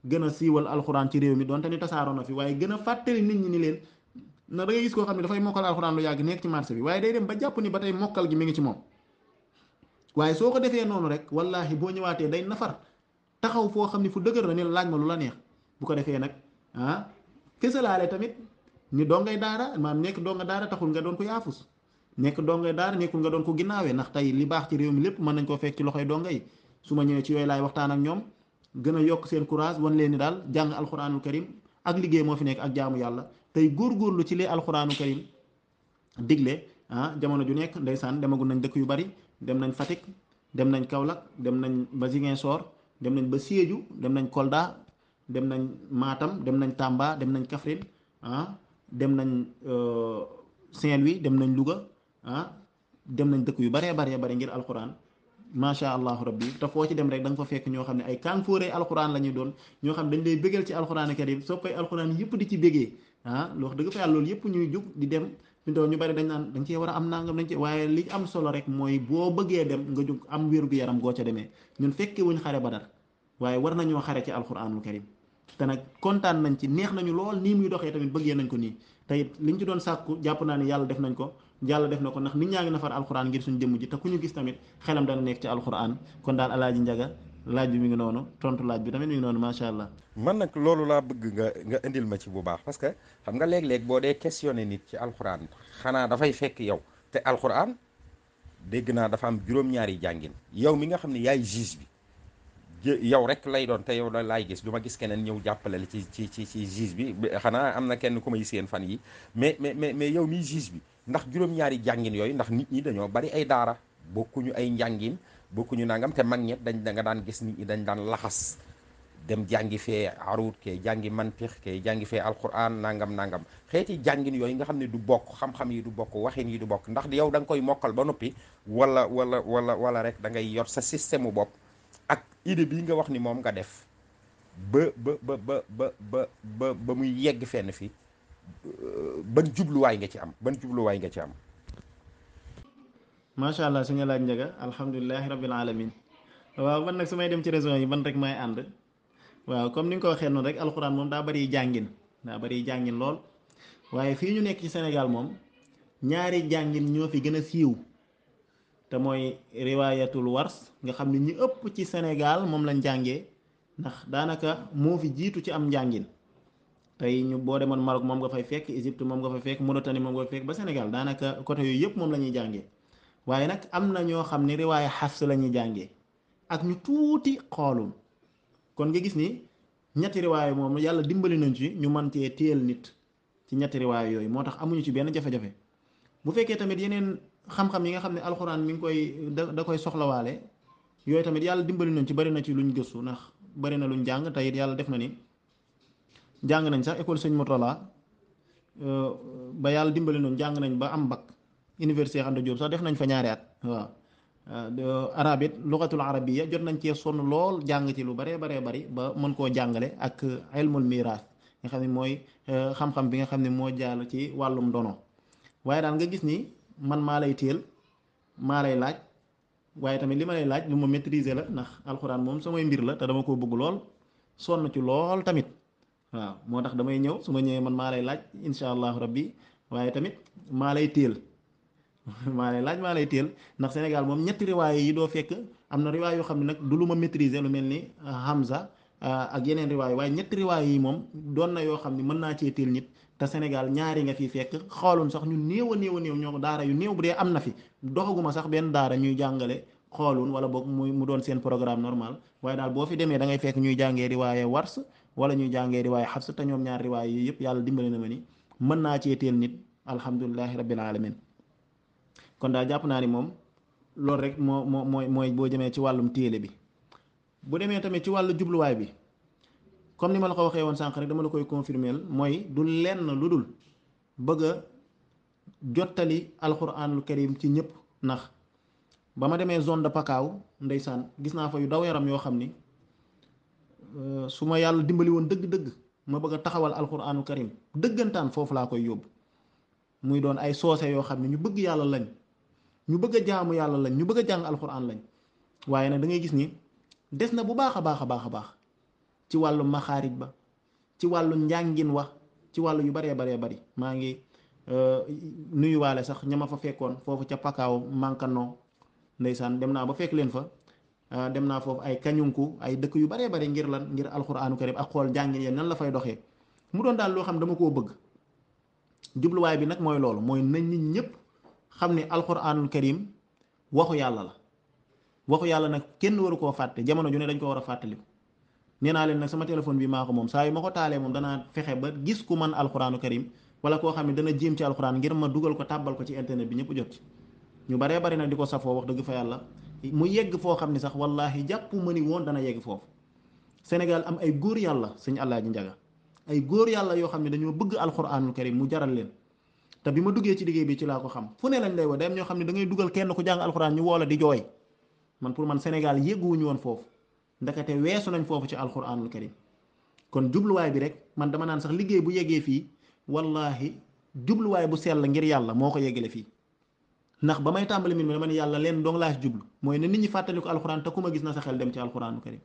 gën a siiwal alxuraan ci réew mi donte ni tasaaroo na fi waaye gën a fàttali nit ñi ni leen na da ngay gis koo xam ne dafay mokkal alxuraan lu yàgg nekk ci marché bi waaye day dem ba jàpp ni ba tey mokkal gi mi ngi ci moom waaye soo ko defee noonu rek wallaahi boo ñëwaatee day nafar taxaw foo xam ne fu dëgër la ni laaj ma lu la neex bu ko defee nag ah fesalaale tamit ni doo ngay daara maam nekk doo nga daara taxul nga doon ko yaafus nekk dongay daara nekkul nga doon ko ginnaawee ndax tey li baax ci réew mi lépp mën nañ koo fekk ci loxoy donga yi su ma ñëwee ci yooyu laay waxtaan ak ñoom gën a yokk seen courage wan leen ni daal jàng alxuraanul karim ak liggéey moo fi nekk ak jaamu yàlla tey góorgóorlu ci lee alxuraanul karim digle ah jamono ju nekk ndeysaan demagul nañ dëkk yu bari dem nañ Fatick dem nañ Kaolack dem nañ ba Ziguinchor dem nañ ba Sédhiou dem nañ Kolda dem nañ Matam dem nañ Tamba dem nañ Kaffrine ah dem nañ euh, Saint-Louis dem nañ Louga ah dem nañ dëkk yu bare baree bare ngir alquran macha allahu rabbi te foo ci dem rek da nga fa fekk ñoo xam ne ay kànfóore alquran la ñuy doon ñoo xam dañ lay bëggal ci alquran karim soo koy alquran di ci bëggee ah loolu yëpp ñuy jug di dem pintoo ñu bari dañ naan dañ cee war am nangam dañ cee waaye li am solo mooy boo bëggee dem nga jug am wér yaram goo ca demee ñun fekke wuñ xare badar waaye war nañoo xare ci alquranul karim te nag kontaan nañ ci neex nañu lool nii muy doxee tamit bëggee nañ ko nii te it liñ ci doon sàkku jàpp naa ne yàlla def nañ ko yàlla def na ko ndax nit ñaa ngi nafar alxuraan ngir suñ jëmm ji te ku ñu gis tamit xelam dana nekk ci alxuraan kon daal alaaji njaga laaj bi mi ngi noonu tontu laaj bi tamit mi ngi noonu macha allah. man nag loolu laa bëgg nga nga indil ma ci bu baax parce que xam nga léeg leeg boo dee questionné nit ci alxuraan xanaa dafay fekk yow te alxuraan dégg naa dafa am juróom-ñaari jàngin yow mi nga xam ne yaay juge bi yow rek lay doon te yow la laay gis du ma gis keneen ñëw jàppale ci ci ci ci juge bi xanaa am na kenn ku may seen fan yi mais mais mais yow miy juge bi ndax juróom-ñaari jàngin yooyu ndax nit ñi dañoo bari ay daara bokkuñu ay njàngin bokkuñu nangam te mag ñett dañ da nga daan gis nit ñi dañ daan laxas dem jàngi fee arut kee jàngi mantix kee jàngi fee alquran nangam nangam xeeti jàngin yooyu nga xam ne du bokk xam-xam yi du bokk waxin yi du bokk ndax yow da nga koy mokkal ba noppi wala wala wala wala rek da ngay yor sa système mu bopp ak idée bii nga wax ni moom nga def ba ba ba ba ba ba ba muy yegg fenn fii ban jubluwaay nga ci am ban jubluwaay nga ci am. macha allah suñu laaj njëga alhamdulilah rabil alamin waaw man nag su may dem ci régions yi man rek may ànd waaw comme ni nga ko waxee noonu rek alxuraan moom daa bari jàngin daa bari jàngin lool waaye fii ñu nekk ci Sénégal moom ñaari jàngin ñoo fi gën a siiw te mooy riwaayatul wars nga xam ne ñi ëpp ci Sénégal moom lañ jàngee ndax daanaka moo fi jiitu ci am njàngin. tey ñu boo demoon Maroc moom nga fay fekk Égypte moom nga fay fekk Mauritanie moom nga fay fekk ba Sénégal daanaka côté yooyu yëpp moom la ñuy jàngee waaye nag am na ñoo xam ne riwaaya Hafs la ñuy jàngee ak ñu tuuti xoolum kon nga gis ni ñetti riwaaya moom yàlla dimbali nañ ci ñu mën cee téyel nit ci ñetti yooyu moo tax amuñu ci benn jafe-jafe bu fekkee tamit yeneen xam-xam yi nga xam ne alxuraan mi ngi koy da da koy soxlawaale yooyu tamit yàlla dimbali nañ ci bari na ci luñ gëstu ndax bari na luñ jàng tey it yàlla def na ni jàng nañ sax école sëñ la euh, ba yàlla dimbali noonu jàng nañ ba am bac université Anta Diop sax def nañ fa ñaari at waaw euh, arab it lugatul arabiya jot nañ cee sonn lool jàng ci lu baree baree bari ba mën koo jàngale ak ilmul miraas nga xam ne mooy euh, xam-xam bi nga xam ne moo jàll ci wàllum dono waaye daal nga gis ni man maa lay téel maa lay laaj waaye tamit li ma lay laaj lu ma maîtriser la ndax alxuraan moom samay mbir la te dama ko bëgg lool sonn ci lool tamit waaw moo tax damay ñëw su ma ñëwee man maa lay laaj incha allahu rabbi waaye tamit maa lay téel maa lay laaj maa lay téel ndax Sénégal moom ñetti riwaay yi doo fekk am na riwaay yoo xam ne nag du lu ma maîtriser lu mel ni euh, Hamza euh, ak yeneen riwaay waaye ñetti riwaay yi moom doon na yoo xam ne mën naa cee téel nit te Sénégal ñaari nga fi fekk xooloon sax ñu néew a néew a néew daara yu néew bu dee am na fi doxaguma sax benn daara ñuy jàngale xooloon wala boog mu doon seen programme normal waaye daal boo fi demee dangay ngay fekk ñuy jàngee riwaaye wars wala ñuy jàngee riwaaye xafs te ñoom ñaar riwaaye yooyu yëpp yàlla dimbali na ma ni mën naa cee teel nit alhamdulilahi rabbil alamin kon daal jàpp naa ni moom loolu rek moo mooy mooy boo demee ci wàllum téele bi bu demee tamit ci wàllu jubluwaay bi comme ni ma la ko waxee woon sànq rek dama la koy confirmer mooy du lenn lu dul bëgg a jottali alquranul karim ci ñëpp ndax ba ma demee zone de Pakao ndeysaan gis naa fa yu daw yaram yoo xam ni euh, su ma yàlla dimbali woon dëgg-dëgg ma bëgg a taxawal alquraanu karim dëggantaan foofu laa koy yóbbu muy doon ay soose yoo xam ne ñu bëgg yàlla lañ ñu bëgg a jaamu yàlla lañ ñu bëgg a jàng alquraan lañ waaye nag da ngay gis ni des na bu baax a baax a baax a baax ci wàllu maxaarij ba ci wàllu njàngin wax ci wàllu yu baree baree bari maa ngi euh, nuyuwaale sax ña fa fekkoon foofu ca Pakao Mankano ndeysaan dem naa ba fekk leen fa ah, dem naa foofu ay kañunku ay dëkk yu baree bari ngir lan ngir alxuraanu karim ak xool jàngin yeen nan la fay doxee mu doon daal loo xam dama koo bëgg jubluwaay bi nag mooy loolu mooy nañ nit ñëpp xam ne alxuraanul karim waxu yàlla la waxu yàlla kenn waru koo fàtte jamono ju ne dañ ko war a fàttaliku nee naa leen nag sama téléphone bi maa ko moom saa yu ma ko taalee moom danaa fexe ba gis ku man alxuraanu karim wala koo xam ne dana jéem ci alxuraan ngir ma dugal ko tàbbal ko ci internet bi ñëpp jot ñu baree bari na di ko safoo wax dëgg fa yàlla mu yegg foo xam ne sax wallaahi jàpp ma ni woon dana yegg foofu Sénégal am ay góor yàlla sëñ Alaaji Njaga ay góor yàlla yoo xam ne dañoo bëgg alxuraanul karim mu jaral leen te bi ma duggee ci liggéey bi ci laa ko xam fu ne lañ lay wax dem ñoo xam ne dangay dugal kenn ku jàng alxuraan ñu la di jooy man pour man Sénégal yëgguwuñu woon foofu ndakate weesu nañ foofu ci alxuraanul karim kon jubluwaay bi rek man dama naan sax liggéey bu yeggee fii wallaahi jubluwaay bu sell ngir yàlla moo ko yeggale fii ndax ba may tàmbali mbir mi dama ne yàlla leen dong laa jublu mooy ne nit ñi fàttaliku alxuraan te ku ma gis na sa xel dem ci alxuraanu karim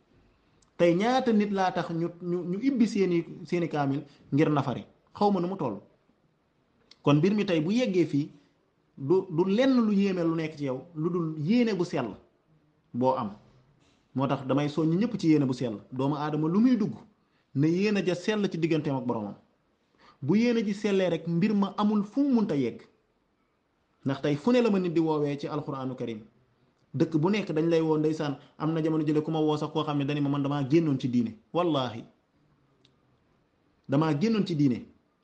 tey ñaata nit laa tax ñu ñu ñu ibbi seeni seeni kaamil ngir nafari xaw ma nu mu toll kon mbir mi tey bu yeggee fii du lenn lu yéeme lu nekk ci yow lu dul yéene bu sell boo am moo tax damay soññ ñëpp ci yéene bu sell doomu aadama lu muy dugg ne yéene ja sell ci digganteem ak boromam bu yéene ji sellee rek mbir ma amul fu mun munta yegg ndax tey fu ne la ma nit di woowee ci alxuraanu karim dëkk bu nekk dañ lay woo ndeysaan am na jamono jële ku ma woo sax koo xam ne dañu ma man damaa génnoon ci diine wallaahi damaa génnoon ci diine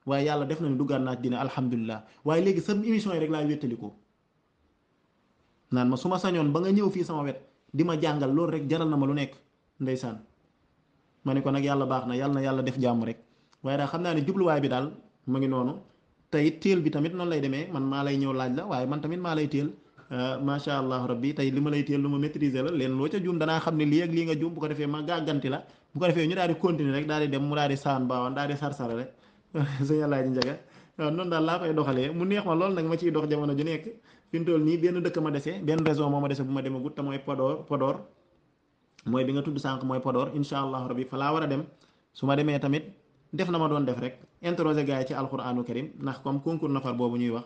waaye yàlla def na ne duggaat naa diine alhamdulilah waaye léegi sa émission yi rek laay wéttalikoo naan ma su ma sañoon ba nga ñëw fii sama wet di ma jàngal loolu rek jaral na ma lu nekk ndeysaan ma ne ko nag yàlla baax na yàlla na yàlla def jàmm rek waaye daal xam naa ne jubluwaay bi daal mu ngi noonu te it téel bi tamit noonu lay demee man maa lay ñëw laaj la waaye man tamit maa lay téel euh, macha allah rabbi tey li ma lay téel lu ma maîtriser la leen loo ca juum danaa xam ne lii ak lii nga juum bu ko defee ma gàgganti la bu ko defee ñu daal di continuer rek daal di dem mu daal di saan baawan daal di sarsara rek suñu laaj njaga waaw daal laa koy doxalee mu neex ma loolu nag ma ciy dox jamono ju nekk fi mu toll nii benn dëkk ma dese benn région moom ma dese bu ma demagut te mooy Podor Podor mooy bi nga tudd sànq mooy Podor incha allah rabbi fa war a dem su ma demee tamit def na ma doon def rek interroger gars yi ci alquranu karim ndax comme concours nafar boobu ñuy wax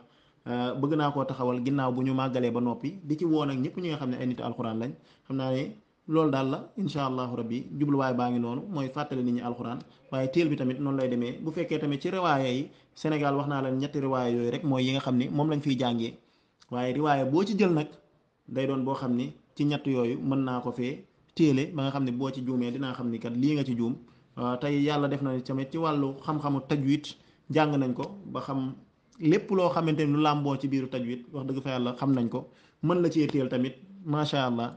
euh, bëgg naa koo taxawal ginnaaw bu ñu màggalee ba noppi di ci woon ak ñëpp ñi nga xam ne ay nit alquran lañ xam naa ne loolu daal la incha allahu rabbi jubluwaay baa ngi noonu mooy fàttali nit ñi alquran waaye téel bi tamit noonu lay demee bu fekkee tamit ci riwaaya yi Sénégal wax naa leen ñetti riwaaya yooyu rek mooy yi nga xam ni moom lañ fiy jàngee waaye riwaaya boo ci jël nag day doon boo xam ni ci ñett yooyu mën naa ko fee téele ba nga xam ne boo ci juumee dinaa xam ni kat lii nga ci juum Euh, tey yàlla def na tamit ci wàllu xam-xamu tajwid jàng nañ ko ba xam lépp loo xamante ni lu làmboo ci biiru tajwid wax dëgg fa yàlla xam nañ ko mën la ci teel tamit macha allah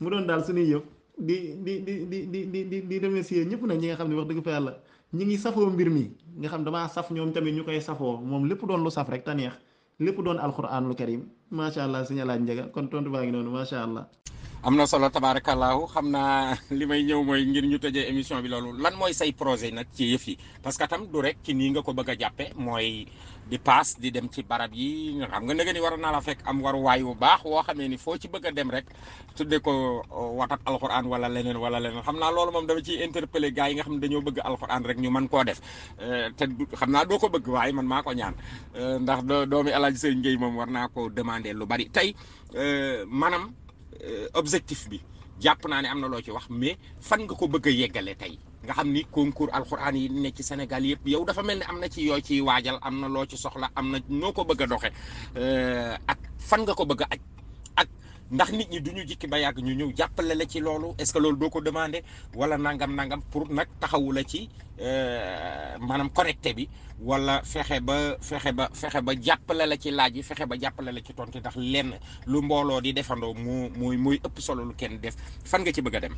mu doon daal suñuy yëf di di di di di di di remercier ñëpp nag ñi nga xam ne wax dëgg fa yàlla ñi ngi safoo mbir mi nga xam damaa saf ñoom tamit ñu koy safoo moom lépp doon lu saf rek te neex lépp doon alxuraanul karim macha allah suñu laaj njëga kon tontu baa ngi noonu macha allah. am na solo tabaarakallaahu xam naa li may ñëw mooy ngir ñu tëjee émission bi loolu lan mooy say projet nag ci yëf yi parce que tam du rek ci nii nga ko bëgg a jàppe mooy di paas di dem ci barab yi nga xam nga nga ni war naa la fekk am waruwaay bu baax woo xamee ni foo ci bëgg a dem rek tudde ko uh, watat alxuraan wala leneen wala leneen xam naa loolu moom dama ciy interpeller gars yi nga xam ne dañoo bëgg alxuraan rek ñu mën koo def uh, te xam naa doo ko bëgg waaye man maa ko ñaan uh, ndax doomi El Hadj Sëriñ moom war naa ko demander lu bari tey maanaam Euh, objectif bi jàpp naa ne am na loo ci wax mais fan nga ko bëgg a yeggale tey nga xam ni concours alxuraan yi ne ci Sénégal yëpp yow dafa mel ni am na ci yoo ciy waajal am na loo ci soxla am na noo ko bëgg a doxe euh, ak fan nga ko bëgg a aj ndax nit ñi duñu ñu jikki ba yàgg ñu ñëw jàppale la ci loolu est-ce que loolu doo ko demandé wala nangam nangam pour nag taxawu la ci euh, maanaam correcté bi walla fexe ba fexe ba fexe ba jàppale la ci laaj yi fexe ba jàppale la ci tontu ndax lenn lu mbooloo di defandoo mu muy mooy ëpp solo lu kenn def fan nga ci bëgg a dem.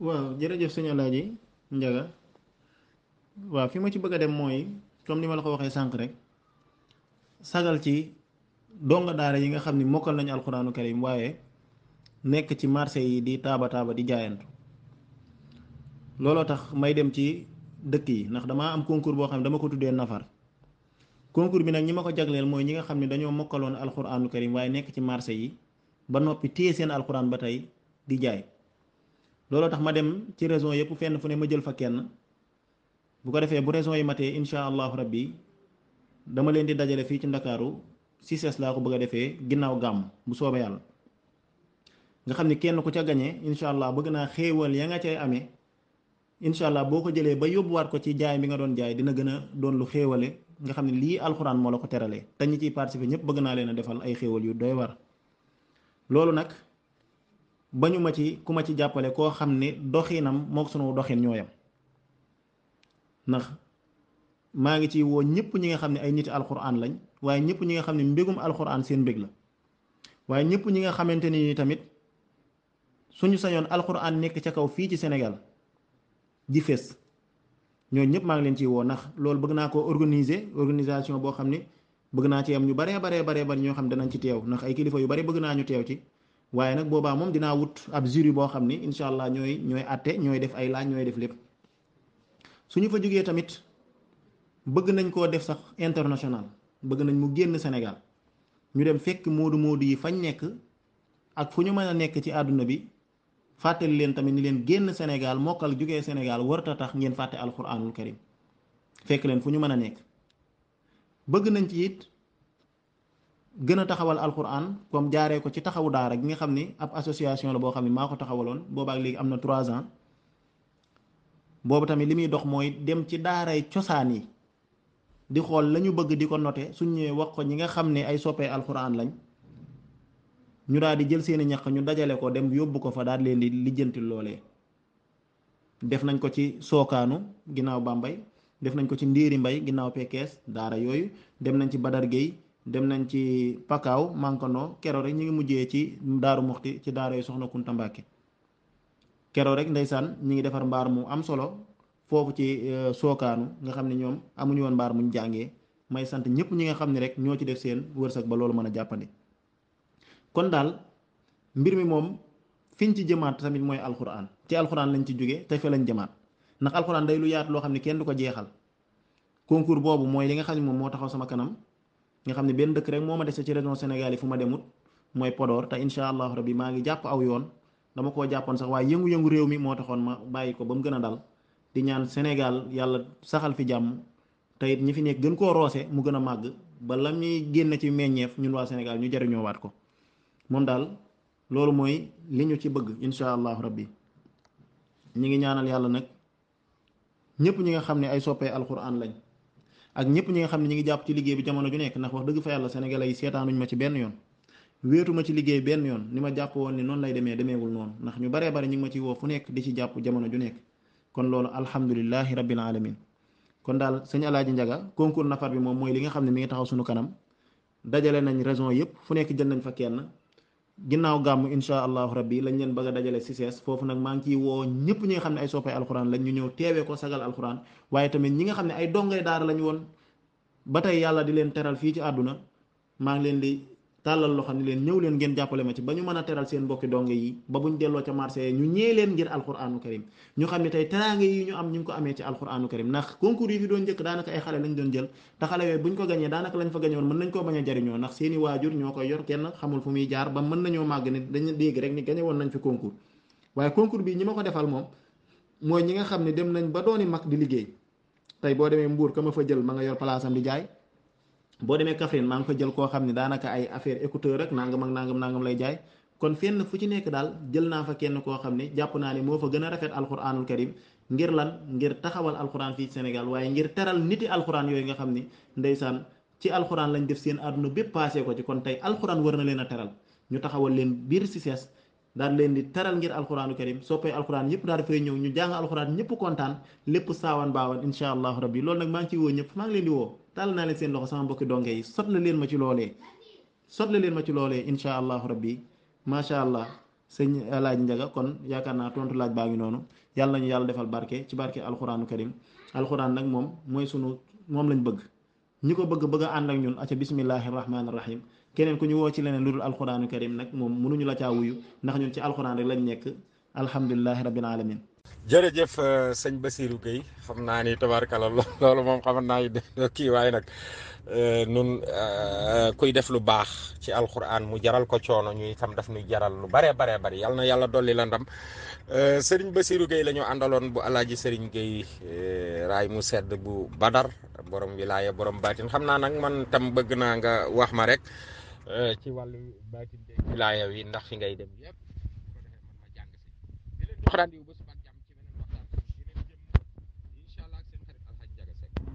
waaw jërëjëf suñu laaj yi Ndiaga waaw fi ma ci bëgg a dem mooy comme ni ma la ko waxee sànq rek sagal ci. donga daara yi nga xam ni mokkal nañu alxuraanu karim waaye nekk ci marché yi di taaba taaba di jaayantu looloo tax may dem ci dëkk yi ndax dama am concours boo xam ne dama ko tuddee nafar concours bi nag ñi ma ko jagleel mooy ñi nga xam ne dañoo mokkaloon alxuraanu karim waaye nekk ci marché yi ba noppi téye seen alxuraan ba tey di jaay looloo tax ma dem ci raison yëpp fenn fu ne ma jël fa kenn bu ko defee bu raison yi matee incha allahu rabbi dama leen di dajale fii ci ndakaaru 6 laa ko bëgg a defee ginnaaw gàmm bu soobee yàlla nga xam ni kenn ku ca gañe incha allah bëgg naa xéewal ya nga cay amee incha allah boo ko jëlee ba yóbbu yóbbuwaat ko ci jaay bi nga doon jaay dina gën a doon lu xéewale nga xam ne lii alxuraan moo la ko teralee te ñi ciy participer ñëpp bëgg naa leen defal ay xéewal yu doy war loolu nag bañu ma ci ku ma ci jàppale koo xam ne doxinam mook sunu doxin ñoo yam ndax maa ngi ci woo ñëpp ñi nga xam ne ay niti alxuraan lañ waaye ñëpp ñi nga xam ne mbégum alxuraan seen mbég la waaye ñëpp ñi nga xamante ni tamit suñu sañoon alxuraan nekk ca kaw fii ci Sénégal di fees ñooñu ñëpp maa ngi leen ciy woo ndax loolu bëgg naa ko organiser organisation boo xam ne bëgg naa ci am ñu baree baree baree bari ñoo xam danañ ci teew ndax ay kilifa yu bari bëgg naa ñu teew ci waaye nag boobaa moom dinaa wut ab jury boo xam ni incha allah ñooy ñooy àtte ñooy def ay laaj ñooy def lépp suñu fa jógee tamit bëgg nañ koo def sax international bëgg nañ mu génn Sénégal ñu dem fekk moodu-moodu yi fañ nekk ak fu ñu mën a nekk ci àdduna bi fàttali leen tamit ni leen génn Sénégal mokkal jugee Sénégal warta tax ngeen fàtte alquranul karim fekk leen fu ñu mën a nekk bëgg nañ ci it gën a taxawal alquran comme jaaree ko ci taxaw daara gi nga xam ni ab association la boo xam ne maa ko taxawaloon ak léegi am na trois ans boobu tamit li muy dox mooy dem ci daaray cosaan yi di xool lañu bëgg di ko note suñ ñëwee wax ko ñi nga xam ne ay soppee alxuraan lañ ñu daal di jël seeni ñaq ñu dajale ko dem yóbbu ko fa daal leen di lijjanti loolee def nañ ko ci sookaanu ginnaaw mbay def nañ ko ci ndiiri mbay ginnaaw Pekes daara yooyu dem nañ ci Badar Gueye dem nañ ci Pakaaw Mankano keroo rek ñu ngi mujjee ci daaru Muxti ci daara yu soxna Kunta Mbàkke keroo rek ndeysaan ñu ngi defar mbaar mu am solo foofu ci euh, sookaanu nga xam ne ñoom amuñu woon mbaar muñ jàngee may sant ñëpp ñi nga xam ne rek ñoo ci def seen wërsëg ba loolu mën a jàppandi kon daal mbir mi moom fiñ ci jëmaat tamit mooy alxuraan ci alxuraan lañ ci jóge te fa lañ jëmaat ndax alxuraan day lu yaat loo xam ne kenn du ko jeexal concours boobu mooy li nga xam ne moom moo taxaw sama kanam nga xam ne benn dëkk rek moo ma dese ci région Sénégal yi fu ma demut mooy Podor te incha allahu rabbi maa ngi jàpp aw yoon dama koo jàppoon sax yëngu-yëngu mi moo taxoon ma bàyyi ko ba mu gën a dal di ñaan Sénégal yàlla saxal fi jàmm te it ñi fi nekk gën koo roose mu gën a màgg ba lam ñuy génn ci meññeef ñun waa Sénégal ñu jariñoo waat ko moom daal loolu mooy li ñu ci bëgg insha allahu rabbi ñi ngi ñaanal yàlla nag ñëpp ñi nga xam ne ay soppee alquran lañ ak ñëpp ñi nga xam ne ñi ngi jàpp ci liggéey bi jamono ju nekk ndax wax dëgg fa yàlla sénégalais seetaanuñ ma ci benn yoon wéetuma ci liggéey benn yoon ni ma jàpp woon ni noonu lay demee demeewul noonu ndax ñu baree bari ñi ngi ma ci woo fu nekk di ci jàpp jamono ju nekk kon loolu alhamdulilahi rabbil alamin kon daal sëñ alaaji njaga concours nafar bi moom mooy li nga xam ne mi ngi taxaw suñu kanam dajale nañ raison yëpp fu nekk jël nañ fa kenn ginnaaw gàmm insha allahu rabbi lañ leen bëgg a dajale si sees foofu nag maa ngi ciy woo ñëpp ñi nga xam ne ay soppay alxuraan lañ ñëw teewee ko sagal alxuraan waaye tamit ñi nga xam ne ay dongay daara lañ woon ba tey yàlla di leen teral fii ci àdduna maa ngi leen di tàllal loxo ni leen ñëw leen ngeen jàppale ma ci ba ñu mën a teral seen mbokki donge yi ba buñ delloo ca marché ñu ñee leen ngir alquranu karim ñu xam ne tey teraange yi ñu am ñu ngi ko amee ci alquranu karim ndax concours yi fi doon njëkk daanaka ay xale lañ doon jël te xale yooyu buñ ko gañee daanaka lañ fa gañoon mën nañ koo bañ a jariñoo ndax seeni waajur ñoo koy yor kenn xamul fu muy jaar ba mën nañoo màgg ni dañ dégg rek ni gañe woon nañ fi concours waaye concours bi ñi ma ko defal moom mooy ñi nga xam ne dem nañ ba dooni mag di liggéey tey boo demee mbuur ka ma fa jël ma nga yor place am di jaay boo demee Kaffrine maa ngi fa jël koo xam ne daanaka ay affaire écouteur ak nangam ak nangam nangam lay jaay kon fenn fu ci nekk daal jël naa fa kenn koo xam ne jàpp naa ne moo fa gën a rafet alquranul karim ngir lan ngir taxawal alquran fii Sénégal waaye ngir teral niti alquran yooyu nga xam ni ndeysaan ci alquran lañ def seen àdduna bépp passé ko ci kon tey alquran war na leen a teral ñu taxawal leen biir si sees daal leen di teral ngir alquranu karim soppay alquran yëpp daal dafay ñëw ñu jàng alquran ñëpp kontaan lépp saawan baawan incha allahu rabbi loolu nag maa ngi ciy woo ñëpp maa ngi leen di woo tàll naa leen seen loxo sama mbokki donge yi sotle leen ma ci loolee sotle leen ma ci loolee incha allahu rabbi macha allah sëñ laaj njaga kon yaakaar naa tontu laaj baa ngi noonu yàlla na ñu yàlla defal barke ci barke alxuraanu karim alxuraan nag moom mooy sunu moom lañu bëgg ñi ko bëgg bëgg a ànd ak ñun aca bismillahi rahmaani rahim keneen ku ñu woo ci leneen lu dul alxuraanu karim nag moom mënuñu la caa wuyu ndax ñun ci alxuraan rek lañ nekk alhamdulilahi rabbil alamin jërëjëf euh, sëñ Basirou Gueye xam naa ni tabarkala loolu moom xam naa ne kii waaye nag euh, nun euh, kuy def lu baax ci alxuraan mu jaral ko coono ñuy itam daf ñuy jaral lu bare bare bari yal na yàlla dolli la ndam sëriñ Basirou géey la ñu àndaloon bu alaaji sëriñ Gueye raay mu sedd bu Badar borom wilaaya borom baatin xam naa nag man tam bëgg naa nga wax ma rek ci wàllu baatin de wilaaya yi ndax fi ngay dem yëpp.